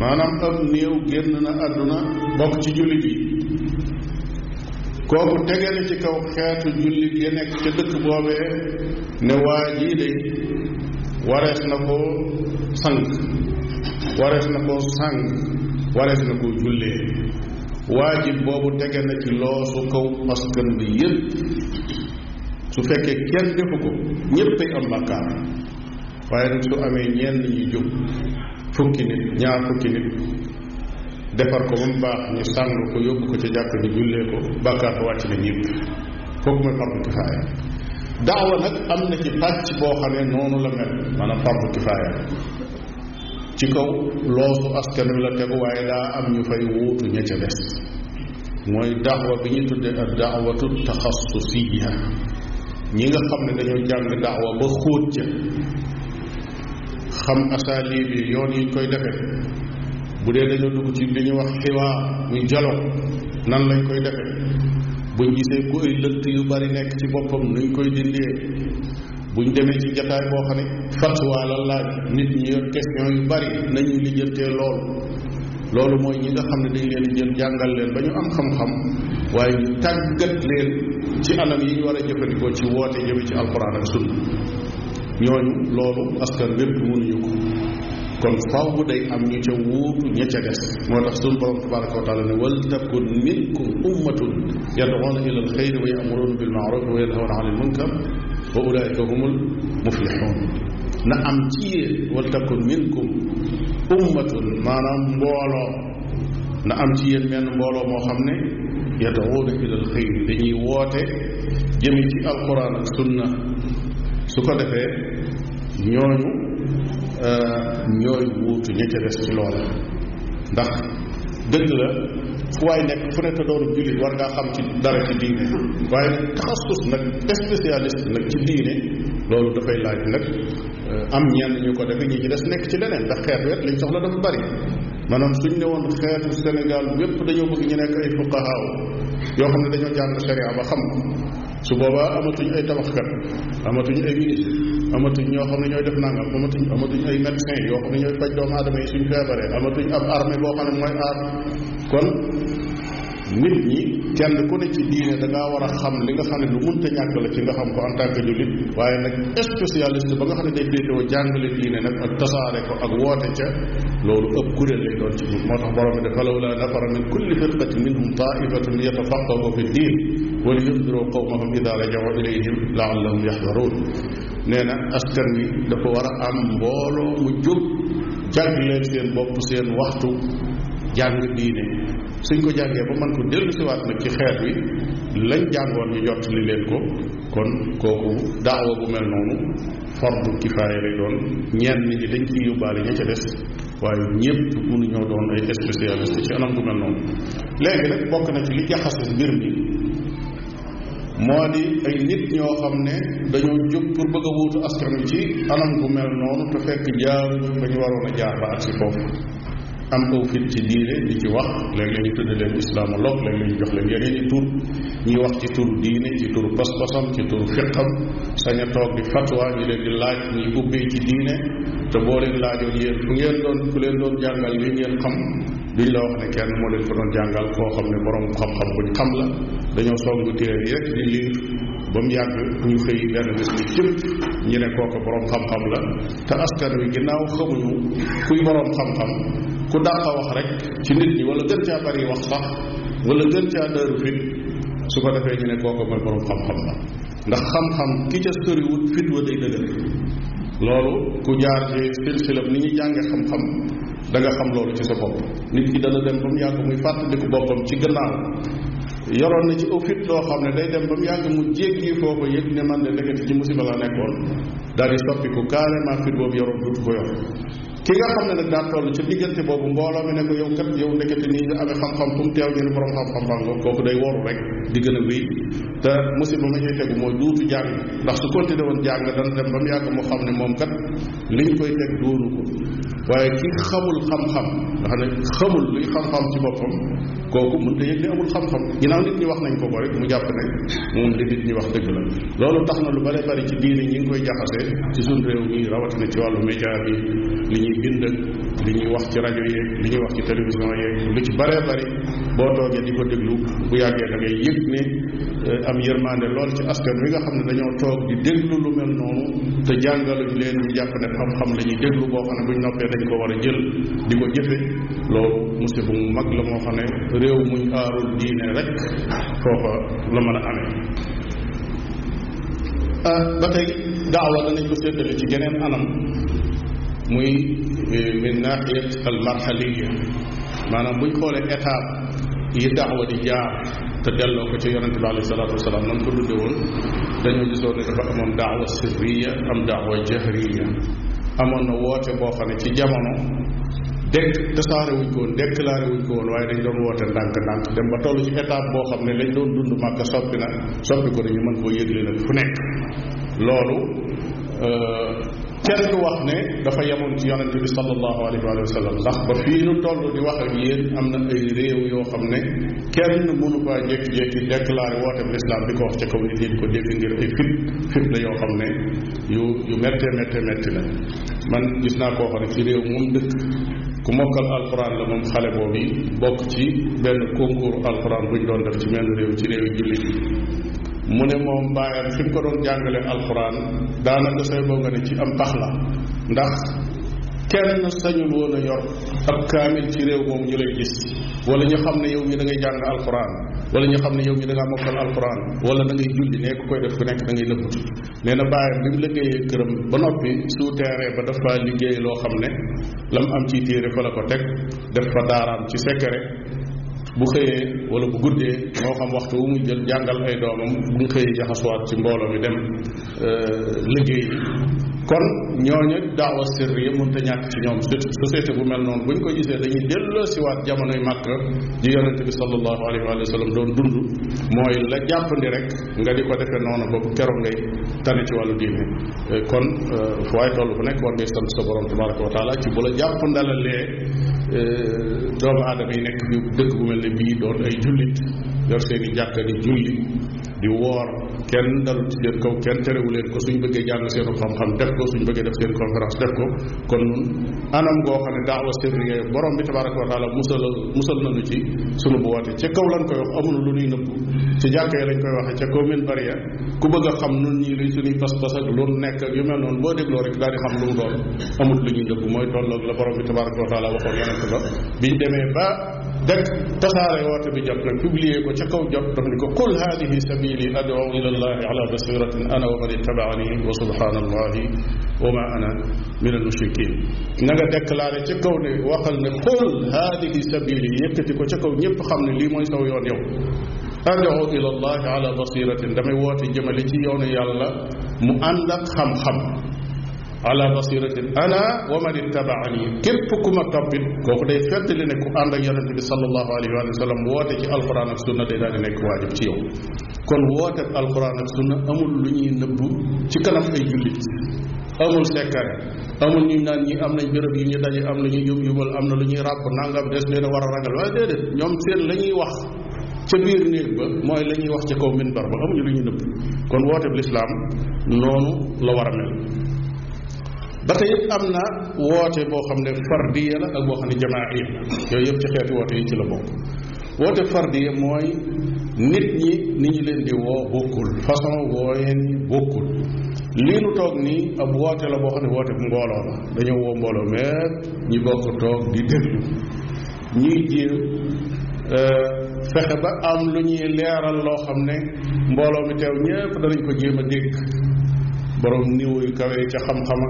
maanaam ab néew génn na àdduna bokk ci jullit yi kooku tege na ci kaw xeetu jullit ya nekk ca dëkk boobee ne waa jii de warees na ko sang warees na ko sang warees na koo jullee waajib boobu tege na ci loosu kaw askan bi yépp su fekkee kenn defu ko ñéppay am bàkkaar waaye nag su amee ñenn ñi jóg fukki nit ñaar fukki nit defar ko ba mu baax ñu sàng ko yóbbu ko ca jàkk ñu jullee ko bàkkaar ba wàcc na ñépp kooku mooy fardu kifaaya daawa nag am na ci pàcc boo xam noonu la mel maanaam fardu kifaaya ci kaw loosu askan wi la tegu waaye daa am ñu fay wuutu ña ca des mooy daawa bi ñu tuddee ak daawatu taxassusiya ñi nga xam ne dañoo jàng daawa ba xóot ca xam asaalib yi yoon yi ñu koy defee bu dee dañoo dugg ci li ñuy wax xiwaar mu dialogue nan lañ koy defee buñ gisee ku ay lënt yu bari nekk ci boppam nuñ koy dindee buñ demee ci jataay boo xam ne fatwa la laaj nit ñi yor question yu bari nañu lijjantee loolu loolu mooy ñi nga xam ne dañ leen jël jàngal leen ba ñu am xam-xam waaye ñu tàggat leen ci anam yi ñu war a jëfandikoo ci woote jëme ci alquran ak sunna ñooñu loolu askan wépp mënuñu ko kon faww day am ñu ca wuutu ña ca des moo tax sunu borom tabaraka wa taala ne wal takun minkum ummatun yad'una ila alxayri wa ya'muruna bil ma'ruf wa yanhawna anil munkar wa ulaayika humul muflixuun na am ci yéen wal takun minkum ummatun maanaam mbooloo na am ci yéen menn mbooloo moo xam ne yad'uuna ila al xayr dañuy woote jëmi ci alquran ak sunna su ko defee ñooñu euh, ñooy wuutu ña ca des ci loola ndax dëgg la fu waay nekk fu ne te doonu jullit war ngaa xam ci dara ci diine waaye nag taxassus nag spécialiste nag ci diine loolu dafay laaj nag euh, am ñenn ñu ko defe ñi ci des nekk ci leneen ndax xeet wet liñ soxla dafa bari maanaam suñ ne woon xeetu Sénégal yépp dañoo bëgg ñu nekk ay fuqahaaw yoo xam ne dañoo jàng sharia ba xam su boobaa amatuñ ay tabaxkat amatuñ ay ministre amatuñ ñoo xam ne ñooy def nangam amatuñ amatuñ ay médecin yoo xam ne ñooy faj doomu aadama amatuñ ab armée boo xam ne kon nit ñi kenn ku ne ci diine da war a xam li nga xam ne lu munta ñàkk la ci nga xam ko en tant jullit waaye nag spécialiste ba nga xam ne day féetewoo jàngale diine nag ak tasaare ko ak woote ca loolu ëpp kuréel lay doon ci ñun moo tax de bi ne falawla nafara min kulli firqatin minhum taifatun yatafaqahu fi diin wa liyundiru qawmahum ida rajaw ilayhim laallahum yaxdaruun nee na askan wi dafa war a am mbooloo mu jóg jàgg leen waxtu jàng diine suñ ko jàngee ba mën ko dellu siwaat nag ci xeet wi lañ jàngoon ñu jot li leen ko kon kooku daawa bu mel noonu fardu kifaaya lay doon ñenn ñi dañ ciy yóbbaale ña ca des waaye ñépp mënu ñoo doon ay spécialiste ci anam bu mel noonu léegi nag bokk na ci li jaxase mbir mi moo di ay nit ñoo xam ne dañoo jóg pour bëgg a wuutu askan wi ci anam bu mel noonu te fekk jaaru fa ñu waroon a jaar ba ak si foofu am aw fit ci diine di ci wax léeg-léeg ñu leen islaamologue léeg-léeg ñu jox leen yeneen i tur ñuy wax ci tur diine ci tur pas-pasam ci tur fiqam sañ a toog di fatwa ñu leen di laaj ñuy ubbee ci diine te boo leen laajoon yéen fu ngeen doon ku leen doon jàngal li ngeen xam duñ la wax ne kenn moo leen ko doon jàngal koo xam ne borom xam-xam buñ xam la dañoo songu téere yi rek di liir ba mu yàgg ñu xëy benn bés ni cëpp ñu ne kooku borom xam-xam la te askan wi ginnaaw xamuñu kuy borom xam ku dàq a wax rek ci nit ñi wala gën caa bari wax sax wala gën caa dëru fit su ko defee ñu ne kooku mooy borom xam-xam la ndax xam-xam ki ca soriwut fit wa day dëgër loolu ku jaar ci silsilam ni ñuy jànge xam-xam danga xam loolu ci sa bopp nit ki dana dem ba mu yàgg muy fàttaliku boppam ci gannaaw yoroon na ci au fit xam ne day dem ba mu yàgg mu jéggi foo ko yëg ne man de ndekete ci musiba la nekkoon dal di soppiku carrément fit boobu yoroon duutu ko yor ki nga xam ne nag daa toll ci diggante boobu mbooloo mi ne ko yow kat yow ndekete nii nga amee xam-xam fu mu teew ngeen borom xam-xam baa nga kooku day woru rek di gën a wéy te musiba ma cay tegu mooy duutu jàng ndax su continué woon jàng dana dem ba mu yàgg mu xam ne moom kat liñ koy teg doonu ko waaye ki xamul xam-xam nga xamul luy xam-xam ci boppam kooku mën da yëg ne amul xam-xam ginnaaw nit ñi wax nañ ko ko rek mu jàpp ne moom li nit ñi wax dëgg la loolu tax na lu bare bari ci diine ñi ngi koy jaxase ci suñ réew mi rawatina ci wàllu média bi li ñuy bind li ñuy wax ci rajo yeeg li ñuy wax ci télévision yeeg lu ci bare bari boo toogee di ko déglu bu yàggee da ngay yëg ne Euh, am yërmande lool ci askan wi nga xam ne dañoo toog di déglu lu mel noonu te jàngaluñ leen ñu jàpp ne xam-xam la ñuy déglu boo xam ne buñ noppee dañ ko war a jël di ko jëfe loolu musiba mu mag la moo xam ne réew muñ aarul diine rek foofa la mën a amee euh, ba tey daawa danañ ko séddale ci geneen anam muy euh, min naxiyat al maanaam buñ xoolee étape yi daawa di jaar te delloo ko ci yonente bi alayhi salaatu wasalaam nan ko dunde woon dañoo gisoon ne dafa amoon daawa sirriya am daawa jahriya amoon na woote boo xam ne ci jamono dekk tasaare wuñ ko woon déclaré wuñ ko woon waaye dañ doon woote ndànk-ndànk dem ba toll ci étape boo xam ne lañ doon dund màkk soppi na soppi ko dañu mën koo yëgle nag fu nekk loolu euh, kenn du wax ne dafa yemoon ci yonente bi sallallahu alayhi wa sallam ndax ba fii nu toll di wax ak yéen am na ay réew yoo xam ne kenn mënu faa jékki-jékki déclaré woote bi lislaam di ko wax ca kaw nit ñi di ko dégg ngir ay fit fit la yoo xam ne yu yu méttee méttee métti la man gis naa koo xam ne ci réew moom dëkk ku mokkal alquran la moom xale boobu bokk ci benn concours alquran bu ñu doon def ci mel réew ci réew jullit yi mu ne moom bàyyam fi mu ko doon jàngale alxuraan daanaka say boo nga ne ci am pax la ndax kenn sañul woon a yor ab kaamil ci réew moomu ñu lay gis wala ñu xam ne yow mi da ngay jàng alxuraan wala ñu xam ne yow mi da ngaa mokkal alxuraan wala da ngay julli ku koy def ku nekk da ngay nëbbatu nee na bàyyam bi mu liggéeyee këram ba noppi souterrain ba dafa liggéey loo xam ne lam am ciy téere fa la ko teg def fa daaraam ci secret bu xëyee wala bu guddee moo xam waxtu wu muy jël jàngal ay doomam bu ñu xëyee jaxasuwaat ci mbooloo mi dem euh, liggéey kon ñooñu daawa sirriya mënta ñàkk ci ñoom société bu mel noonu bu ñu ko gisee dañuy delloo siwaat jamonoy Makka ji yonente bi sallallahu alayhi wa sallam doon dund mooy la jàppandi rek nga di ko defee noonu ba bu keroog ngay tane ci wàllu diine kon euh, fu waay toll bu nekk war ngay sant sa borom tabaraka wa taala ci bu la jàppandalalee Euh, doomu aadama yi nekk dëkk bu mel ne bii doon ay jullit yor seen i jàkka di julli di woor kenn dalu ci seen kaw kenn terewu leen ko suñ bëggee jàng seenu xam-xam def ko suñ bëggee def seen conférence def ko kon nun anam goo xam ne daawa sirriya borom bi tabaraka wa taala musal musal nañu ci sunu bu woote ca kaw lañ koy wax amul lu ñuy nëbb ci jàkka yi lañ koy waxee ca kaw min bariya ku bëgg a xam nun ñii luy suñuy pas-pas ak lu nekk yu mel noonu boo dégloo rek daal di xam lu mu doon amul lu ñuy nëbb mooy tolloog la borom bi dëkk tasaare woote bi jot nag publier ko ca kaw jot daf ni ko qul haadihi sabili ad'u ila allahi ala basiratin ana wa man ittabaani wa subhanallahi wa ma ana min al mushrikin na nga déclaré ca kaw ne waxal ne qul haadihi sabili yëkkati ko ca kaw ñëpp xam ne lii mooy saw yoon yow ad'u ila allahi ala basiratin damay woote jëmale ci yoonu yàlla mu ànd ak xam-xam ala basiratin ana wa man ittabaani képp ku ma toppit kooku day feddali ne ku ànd ak yonente bi sallallahu alayhi wa sallam woote ci alquran ak sunna day daal nekk waajib ci yow kon woote ak alquran ak sunna amul lu ñuy nëbbu ci kanam ay jullit amul sekkare amul ñu naan ñi am nañ béréb yu ñu daje am na ñu yub yubal am na lu ñuy ràpp nangam des leen war a ragal waaye déedéet ñoom seen la ñuy wax ca biir néeg ba mooy la ñuy wax ca kaw minbar ba amuñu lu ñu nëbb kon woote bi lislaam noonu la war a mel ba tey am na woote boo xam ne fardiya la ak boo xam ne jamaa'iya la yooyu yëpp ci xeeti woote yi ci la bokk woote fardiya mooy nit ñi ni ñu leen di woo bokkul façon wooyeen yi bokkul lii nu toog nii ab woote la boo xam ne woote bu mbooloo la dañoo woo mbooloo mais ñi bokk toog di déglu ñuy jéem euh, fexe ba am lu ñuy leeral loo xam ne mbooloo mi teew ñépp danañ ko jéem a dégg borom niveau yu kawe ca xam-xama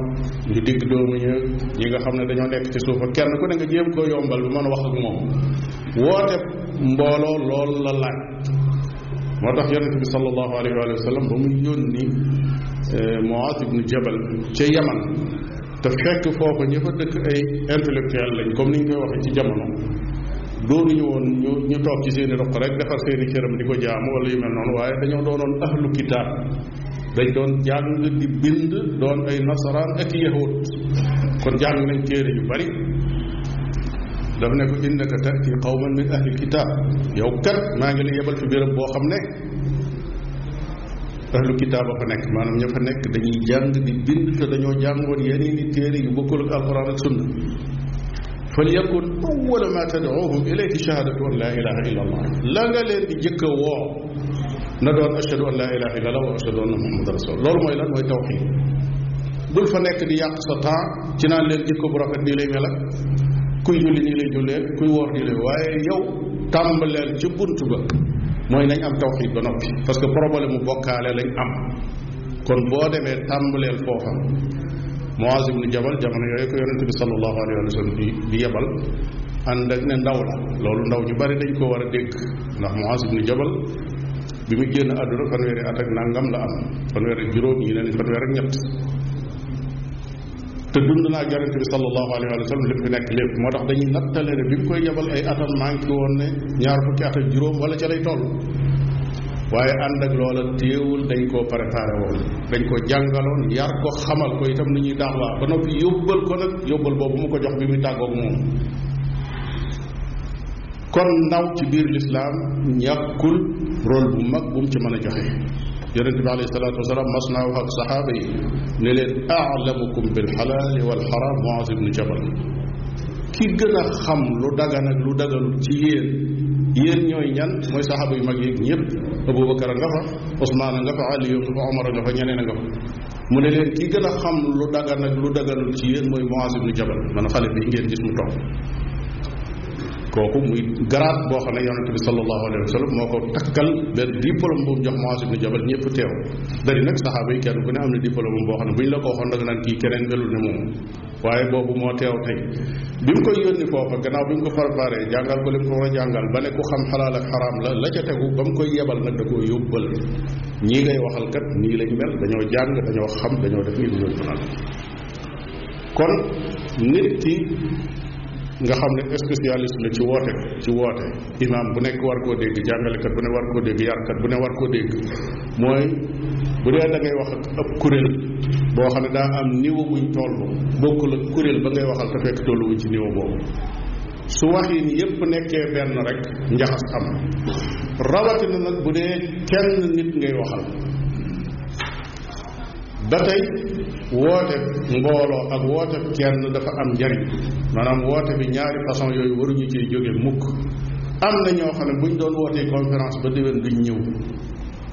ñu digg doomu ña ñi nga xam ne dañoo nekk ci suufa kenn ko ne nga jéem koo yombal bu mën a wax ak moom woote mbooloo loolu la laaj moo tax yonente bi sallallahu alayhi wa sallam ba muy yónni eh, Muaz ibnu Jabal ca Yaman te fekk foofa ña fa dëkk ay intellectuel lañ comme ni ñu koy waxee ci jamono ñu woon ñu ñu toog ci seeni roq rek defar seeni cëram di ko jaamu wala yu mel noonu waaye dañoo doonoon ahlu kitaab dañ doon jàng di bind doon ay nasaraan ak yahut kon jàng nañ téere yu bari daf ne ko innaka tati qawman min ahli kitab yow kat maa ngi la yebal fi béréb boo xam ne ahlu kitaab a fa nekk maanaam ña fa nekk dañuy jàng di bind te dañoo jàngoon yeneen téere yu bokkul ak alquran ak sunna fal yakun awala ma tad'uhum ilayhi shahadatu an la ilaha illa la nga leen di jëkk a na doon ashadu an laa ilaha illallah wa ashadu anna muhammad rasul loolu mooy lan mooy tawxiid bul fa nekk di yàq sa temps ci naan leen jikko bu rafet nii lay mel ak kuy julli nii lay jullee kuy woor nii lay waaye yow tàmbaleel ci bunt ba mooy nañ am tawxiid ba noppi parce que problème mu bokkaale lañ am kon boo demee tàmbaleel foofa Muaz ibnu Jabal jamono yooyu ko yonente bi sallallahu alayhi wa sallam di di yebal ànd ak ne ndaw la loolu ñu bari dañ ko war bi muy génn àdduna fanweeri at ak nangam la am fanweer ak juróom yi ne ni fanweer ak ñett te dund naa ak bi sallallahu alayhi wa sallam lépp fi nekk lépp moo tax dañuy nattale ne bi mu koy yabal ay atam manqué woon ne ñaar fukki at ak juróom wala ca lay toll waaye ànd ak loola téewul dañ koo préparé woon dañ ko jàngaloon yar ko xamal ko itam ni ñuy daaxlaa ba noppi yóbbal ko nag yóbbal boobu mu ko jox bi muy tàggoog moom kon ndaw ci biir rôle bu mag bu mu ci mën a joxe yonente bi alayhi salaatu wasalaam mas naa wax ak saxaaba yi ne leen aalamukum bil xalaali wal a xam lu dagan ak lu daganul ci yéen ñan mooy saxaaba yu mag yeeg ñëpp Abubakar a nga fa Usmaan a nga fa Ali nga a nga fa ñeneen mu ne ki gën a xam lu dagan ak lu daganul ci yéen mooy Muaz ibnu Jabal man xale bi ngeen gis mu toog kooku muy garaat boo xam ne yonente bi sallallahu alayhi wa sallam moo ko takkal benn diplôme bu mu jox Muaz ibn Jabal ñëpp teew dari nag saxaaba yi kenn ku ne am na diplôme boo xam ne bu ñu la ko waxoon da nga naan kii keneen melul ne moom waaye boobu moo teew tey bi mu koy yónni foofa gannaaw bi mu ko préparé jàngal ko li mu a jàngal ba ne ku xam xalaal ak xaraam la la ca tegu ba mu koy yebal nag da koo yóbbal ñii ngay waxal kat nii lañ mel dañoo nga xam ne spécialiste la ci woote ci woote imaam bu nekk war koo dégg jàngalekat bu ne war koo dégg yarkat bu ne war koo dégg mooy bu dee da ngay wax ak ab kuréel boo xam ne daa am niveau buñ toll bokk ak kuréel ba ngay waxal te fekk tolluwuñ ci niveau boobu su wax yi yépp nekkee benn rek njaxas am rawatina nag bu dee kenn nit ngay waxal ba tey woote mbooloo ak woote kenn dafa am njariñ maanaam woote bi ñaari façon yooyu waruñu cee jóge mukk am na ñoo xam ne bu buñ doon wootee conférence ba déwén duñ ñëw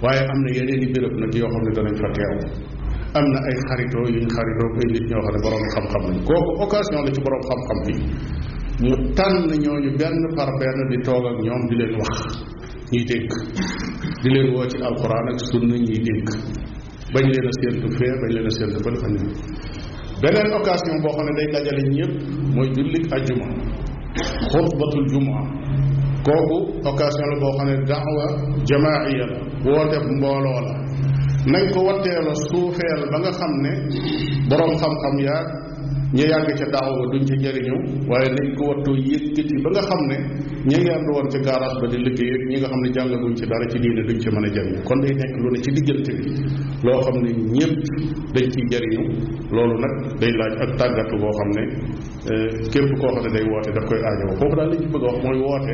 waaye am na yeneen i béréb nag yoo xam ne danañ fa teew am na ay xaritoo yuñ xaritoo ay nit ñoo xam ne borom xam-xam lañ kooku occasion la ci borom xam-xam bi mu tànn ñu benn par benn di toog ak ñoom di leen wax ñuy dégg di leen woo ci alxuraan ak sunna ñuy dégg bañ leen a séentu fee bañ leen a séentu ba dafa ñëw beneen occasion boo xam ne day dajale yëpp mooy jullik ajjuma xutbatul jumaa kooku occasion la boo xam ne daawa jamaaiya la woote mbooloo la nañ ko watteela suufeel ba nga xam ne boroom xam-xam yaa ñu yàgg ca daaw ba duñ ca jëriñu waaye nañ ko wattoo yëkkati ba nga xam ne ña ngi ànd woon ca garage ba di liggéey ak ñi nga xam ne jàngaguñ ci dara ci diine duñ ci mën a jëriñu kon day nekk lu ne ci diggante bi loo xam ne ñëpp dañ ci jëriñu loolu nag day laaj ak tàggatu boo xam ne eh, képp koo xam ne day woote daf koy aajowoo foofu daal li ñu bëgg a wax mooy woote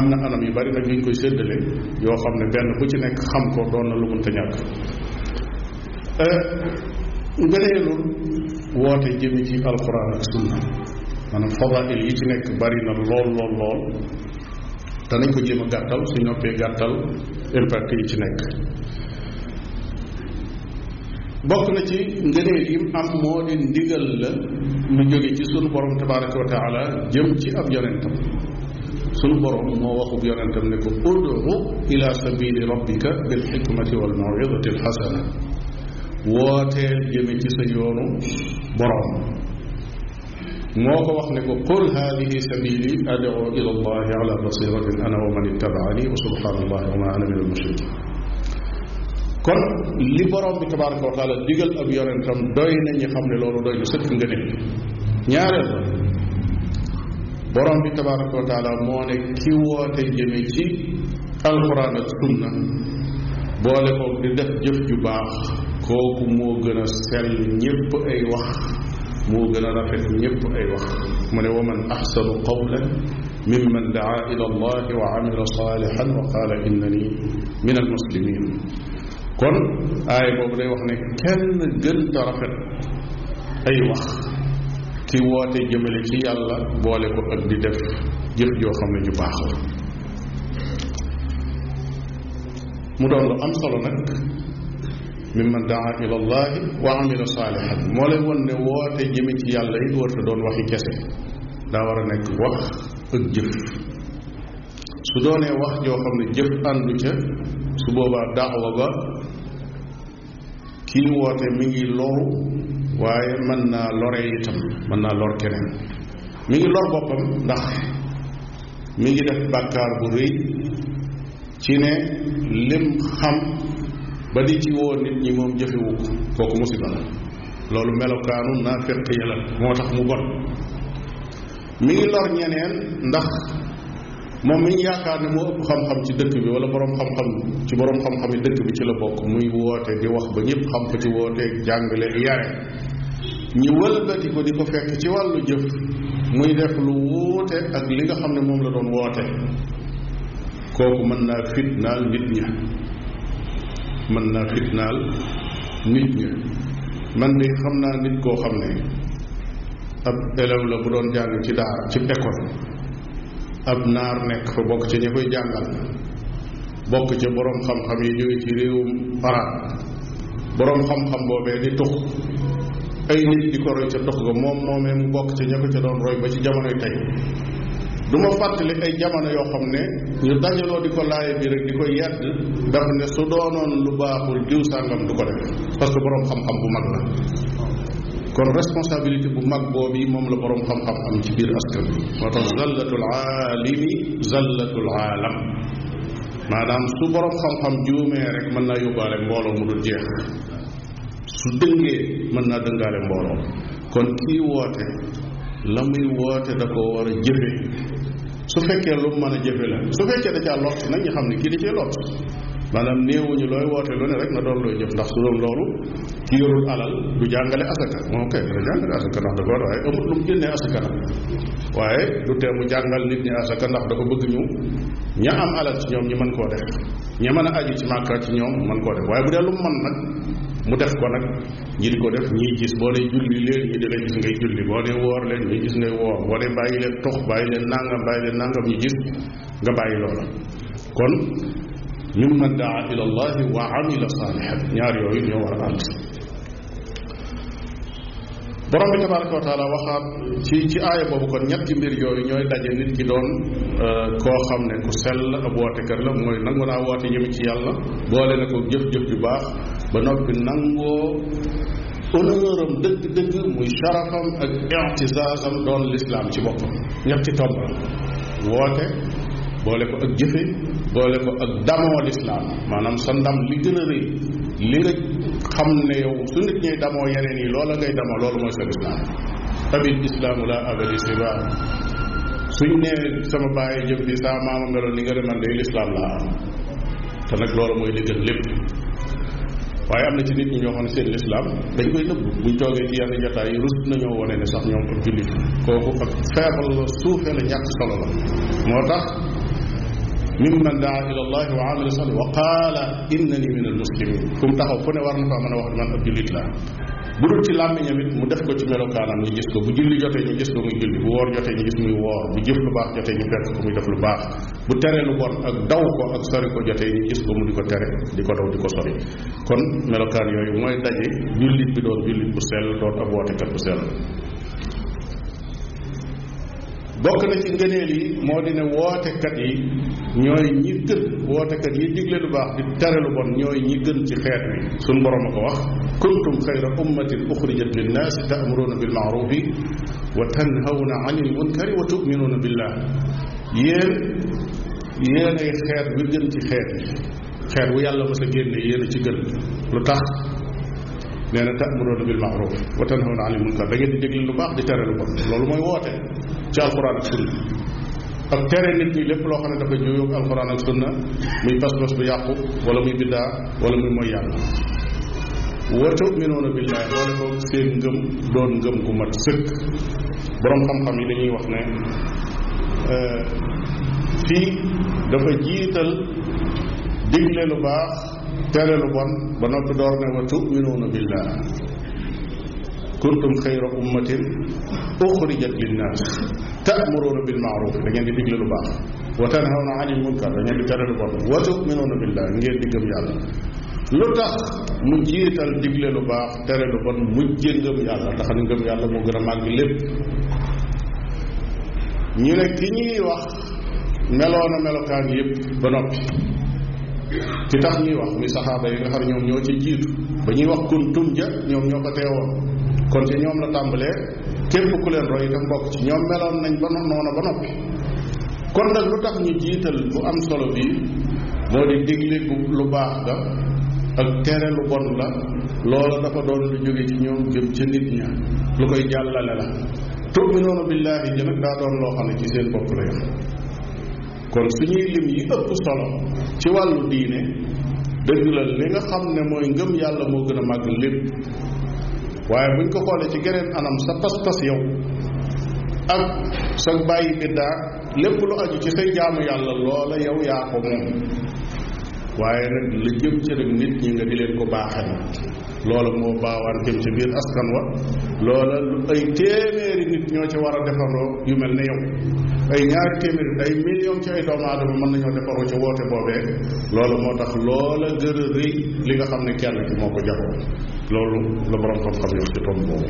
am na anam yu bari nag ñu koy séddale yoo xam ne benn bu ci nekk xam ko doon na lu mënta ñàkk eh, woote jëme ci alquran ak sunna maanaam fadail yi ci nekk bari na lool lool lool danañ ko jéem a gàttal su noppee gàttal impact yi ci nekk bokk na ci ngëneel yi am moo di ndigal la lu jóge ci sunu borom tabaraka wa taala jëm ci ab yonentam sunu borom moo waxub yonentam ne ko udu ila sabili rabbika bil xikmati wal mawidati alxasana wooteel jëme ci sa yoonu boroom moo ko wax ne ko qul hadihi sabili ad'u ila allahi ala basiratin ana wa man ma ana min almushrikin kon li boroom bi tabaraka wa taala digal ab yonentam doy na ñu xam ne loolu doy na sëkk nga nekk ñaareel boroom bi tabaraka wa taala moo ne ki woote jëme ci alquran ak sunna boole ko di def jëf ju baax kooku mu gën a sell ñépp ay wax mu gën a rafet ñépp ay wax mu ne wa man axsanu qawlan mimman daa ila allah wa amila saalixan wa qaala innani min almuslimin kon aaya boobu day wax ne kenn gënta rafet ay wax ki woote jëmale ci yàlla boole ko ak di def jëf joo xam ne ju baax mu doon lu am solo mimman daa ila allahi wa amila saalihan moo lay won ne woote jëme ci yàlla it warta doon waxi kese daa war a nekk wax ak jëf su doonee wax joo xam ne jëf àndu ca su boobaa daawa ba kii woote mi ngi loru waaye mën naa lore itam man naa lor keneen mi ngi lor boppam ndax mi ngi def bàkkaar bu rëy ci ne lim xam ba di ci woo nit ñi moom jëfewu ko kooku musiba la loolu melokaanu naafeq ya la moo tax mu bon mi ngi lor ñeneen ndax moom muñ yaakaar ne moo ëpp xam-xam ci dëkk bi wala boroom xam-xam ci boroom xam-xam yi dëkk bi ci la bokk muy woote di wax ba ñëpp xam ko ci wooteeg jàngale yare ñu wëlbati ko di ko fekk ci wàllu jëf muy def lu wuute ak li nga xam ne moom la doon woote kooku mën naa fitnaal nit ña mën naa fitnaal nit ñi man de xam naa nit koo xam ne ab élève la bu doon jàng ci daara ci école ab naar nekk fa bokk ci ñi koy jàngal bokk ci boroom xam-xam yi jóge ci réewum arab boroom xam-xam boobee di tux ay nit di ko roy ca tux ga moom moomee mu bokk ci ña ko ca doon roy ba ci jamonoy tey du ma fàttali ay jamono yoo xam ne ñu dajaloo di ko laaye bi rek di ko yedd dafa ne su doonoon lu baaxul jiw sàngam du ko def parce que boroom xam-xam bu mag la kon responsabilité bu mag boobu moom la boroom xam-xam am ci biir askan bi moo tax zallatul aalimi zallatul aalam maanaam su boroom xam-xam juumee rek mën naa yóbbaale mbooloo mu dul jeex su dëngee mën naa dëngaale mbooloo kon kii woote la muy woote da ko war a jëfe su fekkee lu mu mën a jëfe la su fekkee da caa lott nag ñu xam ne kii da cee lott maanaam néewuñu looy woote lu ne rek na doon looy jëf ndax su doon loolu ki yorul alal du jàngale asaka moom kay dana jàngale asaka ndax da ko war waaye amut lu mu génnee asaka nag waaye du tee jàngal nit ñi asaka ndax dafa bëgg ñu ña am alal ci ñoom ñi mën koo def ña mën a aju ci màkka ci ñoom mën koo def waaye bu dee lu mu mën nag mu def ko nag ñi di ko def ñuy gis boo dee julli leen ñi di la gis ngay julli boo dee woor leen ñuy gis ngay woor boo dee bàyyi leen tox bàyyi leen nangam bàyyi leen nàngam ñu gis nga bàyyi loola kon min man daa ila allahi wa amila waxaat ci ci aaya boobu kon ñetti mbir yooyu ñooy daje nit ki doon euh, koo xam ne ku sell ab wootekat la mooy nangu naa woote jëm ci yàlla boole na ko jëf-jëf ju baax ba noppi nangoo honneuram dëgg-dëgg muy sharafam ak i'tizaazam doon lislaam ci boppam ñetti tomb woote boole ko ak jëfe boole ko ak damoo lislaam maanaam sa ndam li gën a rëy li nga xam ne yow su nit ñuy damoo yeneen yi loola ngay damoo loolu mooy sa lislaam tabil islaamu laa abali siba suñ nee sama bàyyi jëf bi saa maama meloon ni nga deman day lislaam am te nag loolu mooy li lépp waaye am na ci nit ñi ñoo xam ne seen lislaam dañ koy nëbbu buñ toogee ci yenn jotaay yi rus nañoo wane ne sax ñoom ak jullit kooku ak feebal la suufe la ñàkk solo la moo tax mimman daa ila allahi wa amila salih wa qaala innani min al muslimin fu mu ne war na faa mën a wax man ab jullit la bu dul ci làmmiñam it mu def ko ci melokaanam ñu gis ko bu julli jotee ñu gis ko muy julli bu woor jotee ñu gis muy woor bu jëf lu baax jotee ñu fekk ko muy def lu baax bu tere lu bon ak daw ko ak sori ko jotee ñu gis ko mu di ko tere di ko daw di ko sori kon melokaan yooyu mooy daje jullit bi doon jullit bu sell doon ab wootekat bu sell bokk na ci ngëneel yi moo di ne wootekat yi ñooy ñi gën wootekat yi digle lu baax di tere lu bon ñooy ñi gën ci xeet wi suñ borom a ko wax kuntum xayra ummatin uxrijat linnaas li bilmaarufi wa tanhawna anil munkari wa tuminuuna billah yéen yéen ay xeet wi gën ci xeet wi xeet wu yàlla mas a génne yéen a ci gën tax nee na ta'muruuna bil ma'ruuf wa tanhawna anil munkar da di digle lu baax di tere lu bon loolu mooy woote ci alquran ak sunna ak tere nit ñi lépp loo xam ne dafa jóyoog alquran ak sunna muy pas-pas bu yàqu wala muy biddaa wala muy mooy yàlla wa tu'minuuna billahi boole ko seen ngëm doon ngëm gu mat sëkk boroom xam-xam yi dañuy wax ne euh, fii dafa jiital digle lu baax tere lu bon ba noppi door ne wa tuminuuna billah kuntum xayra ummatin uxrijat linnaas taamuruuna bilmaaruf da ngeen di digle lu baax wa tanhawna anil munkar da ngeen di tere lu bon wa tuminuuna billah ngeen di gëm yàlla lu tax mu jiital digle lu baax tere lu bon mujje ngëm yàlla ndax ngëm yàlla moo gën a màgg lépp ñu ne ki ñuy wax meloona melokaan yépp ba noppi ci tax ñuy wax muy saxaaba yi nga xam ñoom ñoo ci jiitu ba ñuy wax kuntum ja ñoom ñoo ko teewoon kon ci ñoom la tàmbalee képp ku leen roy itam bokk ci ñoom meloon nañ ba noona ba noppi kon nag lu tax ñu jiital bu am solo bii moo di digle lu baax ga ak tere lu bon la loola dafa doon lu jóge ci ñoom jëm ca nit ña lu koy jàllale la tuuminuuna billaahi ji nag daa doon loo xam ne ci seen bopp la yam kon suñuy lim yi ëpp solo ci wàllu diine dëgg la li nga xam ne mooy ngëm yàlla moo gën a màgg lépp waaye buñ ko xoolee ci geneen anam sa pas-pas yow ak sa bàyyi biddaa lépp lu aju ci say jaamu yàlla loola yow yaa ko moom waaye nag la jëm ci nag nit ñi nga di leen ko baaxee loola moo baawaan jëm ca biir askan wa loola lu ay téeméeri nit ñoo ci war a defaroo yu mel ni yow ay ñaari téeméeri ay million ci ay doomu aadama mën nañoo defaroo ca woote boobee loola moo tax loola gën a rëy li nga xam ne kenn ki moo ko jaxoo loolu la borom xam-xam yow ci tomb boobu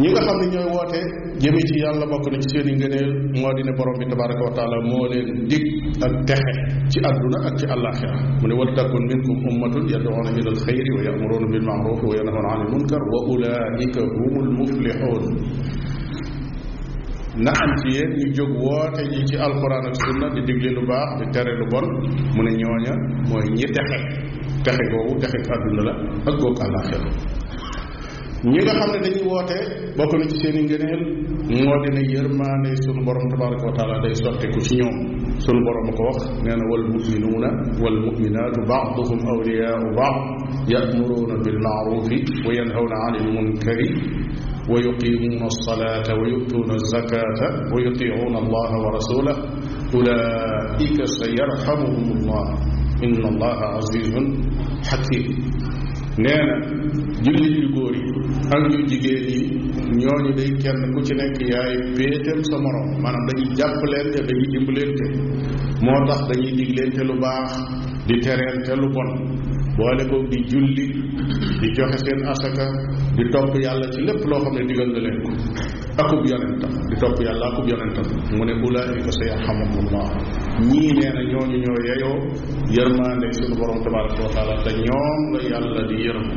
ñi nga xam ne ñooy woote jëme ci yàlla bokk na ci seen i ngëneel moo di ne borom bi tabaraka wa moo leen dig ak texe ci àdduna ak ci àllaaxira mu ne wal takun minkum ummatun yad'una ila al xayri wa ya'muruna bil ma'ruf ci yéen ñu jóg ak sunna lu baax di tere lu bon mu ne ñooña mooy ñi texe texe googu texe àdduna la ak googu àllaaxira ñi nga xam ne dañuy woote bokk na ci seen i ngëneel moo dina yërmaande sunu borom tabaraka wa taala day sotteku ci ñoom sunu borom a ko wax nee na wal muminuuna wal muminaatu baaduhum awliyaau baad yamuruuna bil maarufi wa yanhawna an il munkari wa yuqimuuna alsalata wa yutuuna alzakata wa yutiicuuna allaha wa rasulah ulaika sa yarxamuhum allah inna allaha azizun xakim nee na jullit yu góor yi ak yu jigéen yi ñoo ñooñu day kenn ku ci nekk yaay péetam sa morom maanaam dañuy jàppaleente dañuy dimbalente moo tax dañuy digleente lu baax di tereente lu bon boole ko di julli di joxe seen asaka di topp yàlla ci lépp loo xam ne digal na leen ko akub yonentam di topp yàlla akub yonentam mu ne ulaika sa yarhamuhumullah ñii nee ma ñooñu ñoo yeyoo yërmaande suñu borom tabaraka wa taala te ñoom la yàlla di yërëm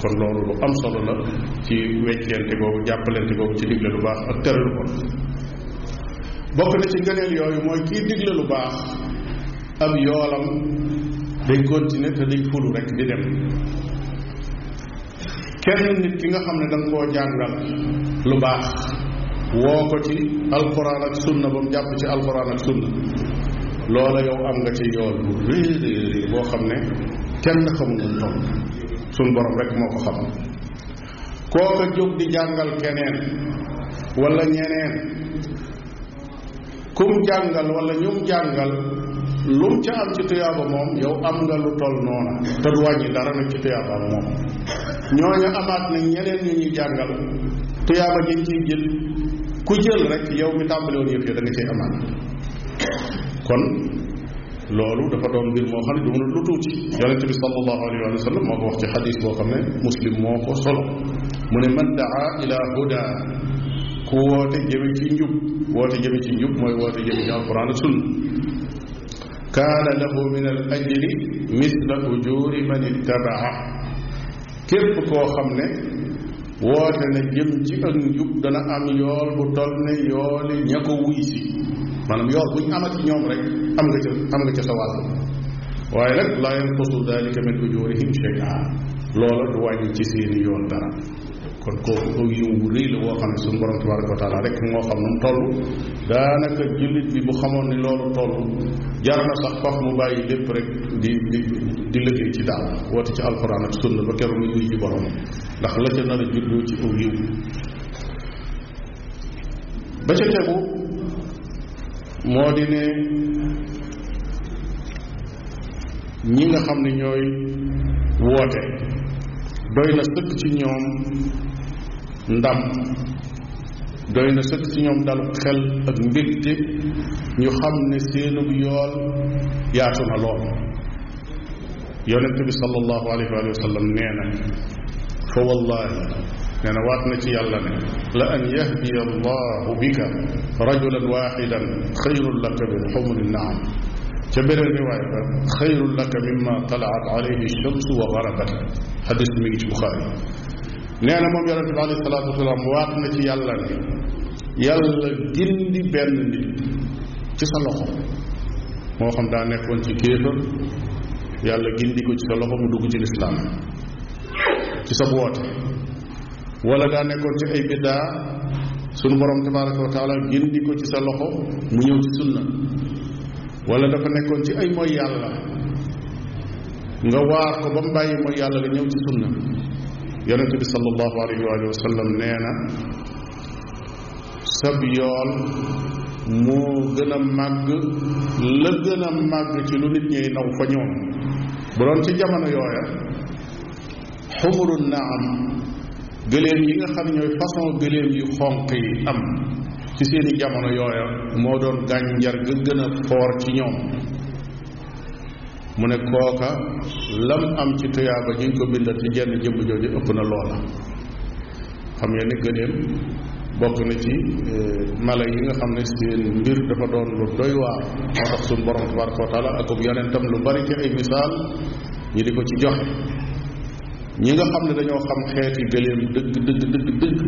kon lu am solo la ci weccente boobu jàppalente boobu ci digle lu baax ak tere lu bon bokk na ci ngëneel yooyu mooy kii digle lu baax ab yoolam day continuer te day fulu rek di dem kenn nit ki nga xam ne da nga koo jàngal lu baax woo ko ci alquran ak sunna ba mu jàpp ci alquran ak sunna loola yow am nga ci yoon bu réeréeréer boo xam ne kenn xamul lu toll suñ borom rek moo ko xam kooka jóg di jàngal keneen wala ñeneen kum jàngal wala ñum jàngal lu mu ca am ci tuyaaba moom yow am nga lu toll noona te du wàññi dara nag ci tuyaabaam moom ñooñu amaat na ñeneen ñu ñuy jàngal tuyaaba jën ciy jël ku jël rek yow mi tàmbali woon yëpp da nga cay amaat kon loolu dafa doon mbir moo xam ne du mën a lu tuuti yonent bi sallallahu alayhi wa sallam moo ko wax ci xadis boo xam ne muslim moo ko solo mu ne man daa ila huda ku woote jëme ci njub woote jëme ci njub mooy woote jëme ci alquran ak sunna kaana lahu min al ajri misla ujuri man ittabaa képp koo xam ne woote na jëm ci ak njub dana am yool bu toll ne yooli ña ko wuy si maanaam yool buñ am ak ñoom rek am nga ca am nga ca sa waaye nag laa yanqusu dalika min ujurihim shay'a loola ci seeni yoon dara kon kooku aw yiw wu rëy la woo xam ne suñu borom tabaraka wa taala rek moo xam nu mu daanaka jullit bi bu xamoon ni loolu toll jar na sax faf mu bàyyi lépp rek di di di liggéey ci daal woote ci alxuraan ak sunna ba keroog ndax la ca ba ca tegu moo di ne ñi nga xam ne ñooy woote doy na sëkk ci ñoom ndam doy na sëkk ci ñoom dalu xel ak mbégte ñu xam ne seenub yool yaatu na lool yonent bi sallallahu alayhi wa sallam nee na fa wallahi nee na waat na ci yàlla ne la an yahdiya allahu bika rajulan waxidan xayrun laka min xumuli naam ca beneen riwaay ba xayrun laka mimma talaat alayhi shamsu wa garabat xadis mi ngi ci buxaari nee na moom yonente bi alayhi salaatu wasalaam waat na ci yàlla ne yàlla gindi benn nit ci sa loxo moo xam daa nekkoon ci kéefër yàlla gindi ko ci sa loxo mu dugg ci lislaam ci sa woote wala daa nekkoon ci ay biddaa sunu borom tabaraka wa taala gindi ko ci sa loxo mu ñëw ci sunna wala dafa nekkoon ci ay mooy yàlla nga waar ko ba mu bàyyi mooy yàlla nga ñëw ci sunna yonent bi sallallahu alayhi wa sallam nee na sab yool moo gën a màgg la gën a màgg ci lu nit ñiy naw fa ñoom bu doon ci jamono yooya xumuru naam gëléem yi nga xam ñooy façon gëléem yu xonq yi am ci seeni jamono yooya moo doon gànjar ga gën a foor ci ñoom mu ne kooka lam am ci tuyaaba jiñ ko bindal ci jenn jëmm jooju ëpp na loola xam ngeen gëléem bokk na ci eh, mala yi nga xam ne seen mbir dafa doon lu doy waar moo tax suñ borom tabaraka wa taala akub yonentam lu bari ci ay misaal ñi di ko ci joxe ñi nga xam ne dañoo xam xeeti gëléem dëgg dëgg dëgg dëgg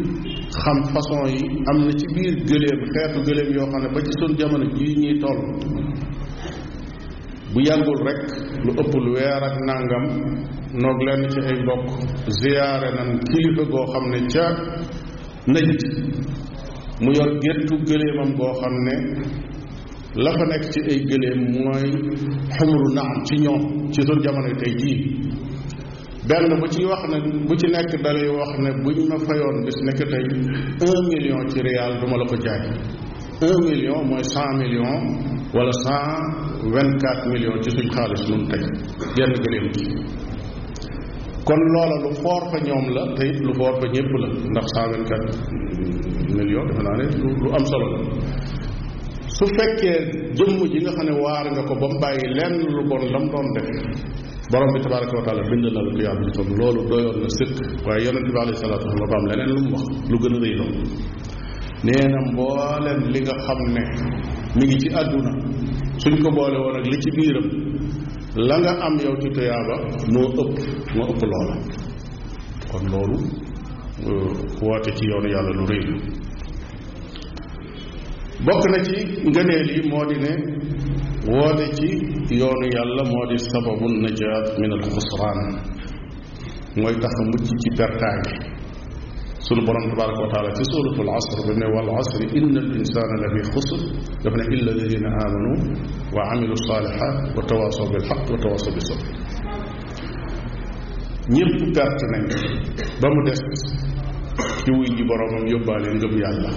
xam façon yi am na ci biir gëléem xeetu gëléem yoo xam ne ba ci suñ jamono jii ñuy toll bu yàggul rek lu ëpp weer ak nàngam noog lenn ci ay mbokk ziyaare nan kilifa goo xam ne ca nëj mu yor géttu gëléemam goo xam ne la fa nekk ci ay gëléem mooy xumru naam ci ñoom ci suñ jamono tey jii benn bu ci wax ne bu ci nekk dalay wax ne buñ ma fayoon bis nekk tey un million ci riyaal duma la ko jaay un million mooy cent million wala cent vingt quatre millions ci suñ xaalis nun tey genn gëléem gi kon loola lu foor fa ñoom la te lu foor fa ñépp la ndax cent vingt quatre millions defe naa lu am solo la su fekkee jëmm ji nga xam ne waar nga ko ba mu bàyyi lenn lu bon lam doon def borom bi tabaraka wa taala bind na la ko yàlla toog loolu doyoon na sëkk waaye yonente bi alayhi salaatu wasallam am leneen lu mu wax lu gën a rëy loolu nee na li nga xam ne mi ngi ci àdduna suñ ko boole woon ak li ci biiram la nga am yow ci tuyaaba moo ëpp moo ëpp loola kon loolu euh, woote ci yoonu yàlla lu rëy bokk na ci ngëneel yi moo di ne woote ci yoonu yàlla moo di sababu najaat min al mooy tax a ci pertaange sunu borom tabaraka wa taala ci suratul asr bi ne wal asri inna al insana la fi xusr dafa ne illa alladina amanu wa amilu salihat wa tawasaw bil xaq wa tawasaw bi sabr ñëpp perte nañ ba mu des ci wuy ji boromam yóbbaale ngëm yàlla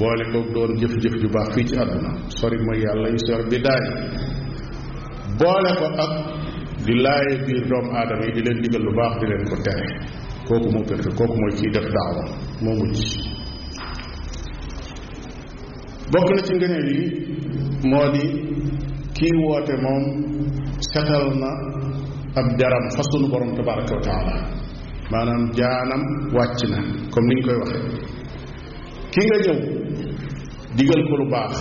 boole koog doon jëf-jëf ju baax fii ci àdduna sori mooy yàlla yu sor bi daay boole ko ak di laaye biir doomu aadama yi di leen digal lu baax di leen ko tere kooku moo perfet kooku mooy kiy def daawa moo mujj bokk na ci ngëneel yi moo di kii woote moom setal na ab jaram fa sunu borom tabaraka wa maanaam jaanam wàcc na comme ni ñu koy waxe ki nga ñëw digal ko lu baax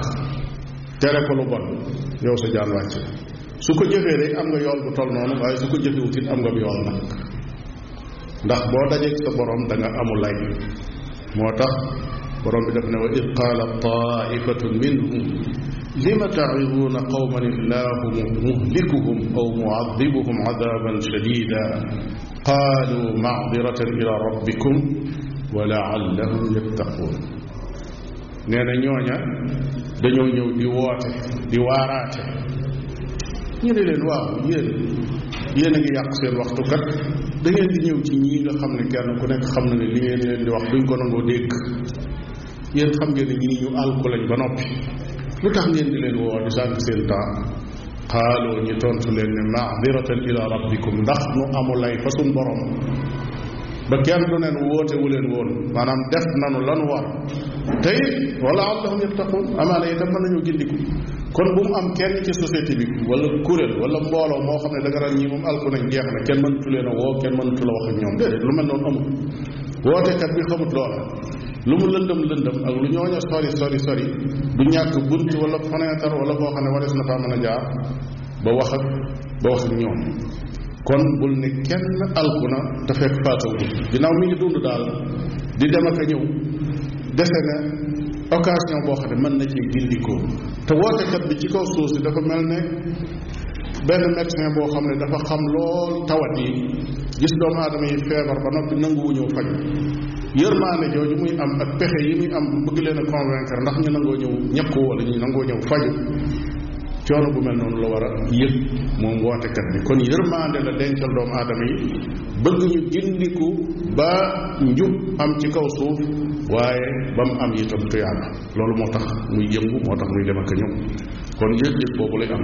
tere ko lu bon yow sa jaan wàcc na su ko jëfee rek am nga yool bu toll noonu waaye su ko jëfewut it am nga yool nag ndax boo dajeeg sa borom da nga amul lay moo tax borom bi daf ne wa id qaala taifatu minhum lima ta'izuuna qawman illahu muhlikuhum aw mu'adibuhum adaban shadida qaalu macdiratan ila rabbikum wa laallahum yattaquun nee na ñooña dañoo ñëw di woote di waaraate ñu ne leen waaw yéen yéen a ngi yàq seen waxtu kat da ngeen di ñëw ci ñii nga xam ne kenn ku nekk xam na ne li ngeen leen di wax duñ ko nangoo dégg yéen xam nga ne ñi ni ñu àlku lañ ba noppi lu tax ngeen di leen woo di sànq seen temps xaaloo ñi tontu leen ne maadiratan ila rabbikum ndax nu amul ay suñ borom ba kenn du neen woote wu leen woon maanaam def nanu lanu war te it wala allahum yattaqun amaana itam mën nañu gindiku kon bu mu am kenn ci société bi wala kuréel wala mbooloo moo xam ne danga nga daan ñi moom alku nañ jeex na kenn mënatu leen a woo kenn mënatu la wax ak ñoom déedéet lu mel noonu amul wootekat bi xamut loola lu mu lëndëm lëndëm ak lu ñooña sori sori sori du ñàkk bunt wala fenêtre wala boo xam ne warees na faa mën a jaar ba wax ak ba wax ak ñoom kon bul ne kenn alku na te fekk paasawul ginnaaw mi ngi dund daal di dem ak a ñëw dese na occasion boo xam ne mën na ci gindikoo te wootekat bi ci kaw suuf si dafa mel ne benn médecin boo xam ne dafa xam lool tawat yi gis doomu aadama yi feebar ba noppi nanguwu ñëw faj yërmaane jooju muy am ak pexe yi muy am bëgg leen a convaincre ndax ñu nangoo ñëw ñekku wala ñu nangoo ñëw faju coono bu mel noonu la war a yëg moom wootekat bi kon yërmaande la dencal doomu aadama yi bëgg ñu gindiku ba njub am ci kaw suuf waaye ba mu am itam tuyaaba loolu moo tax muy yëngu moo tax muy dem ak a ñëw kon yëg-yëg boobu lay am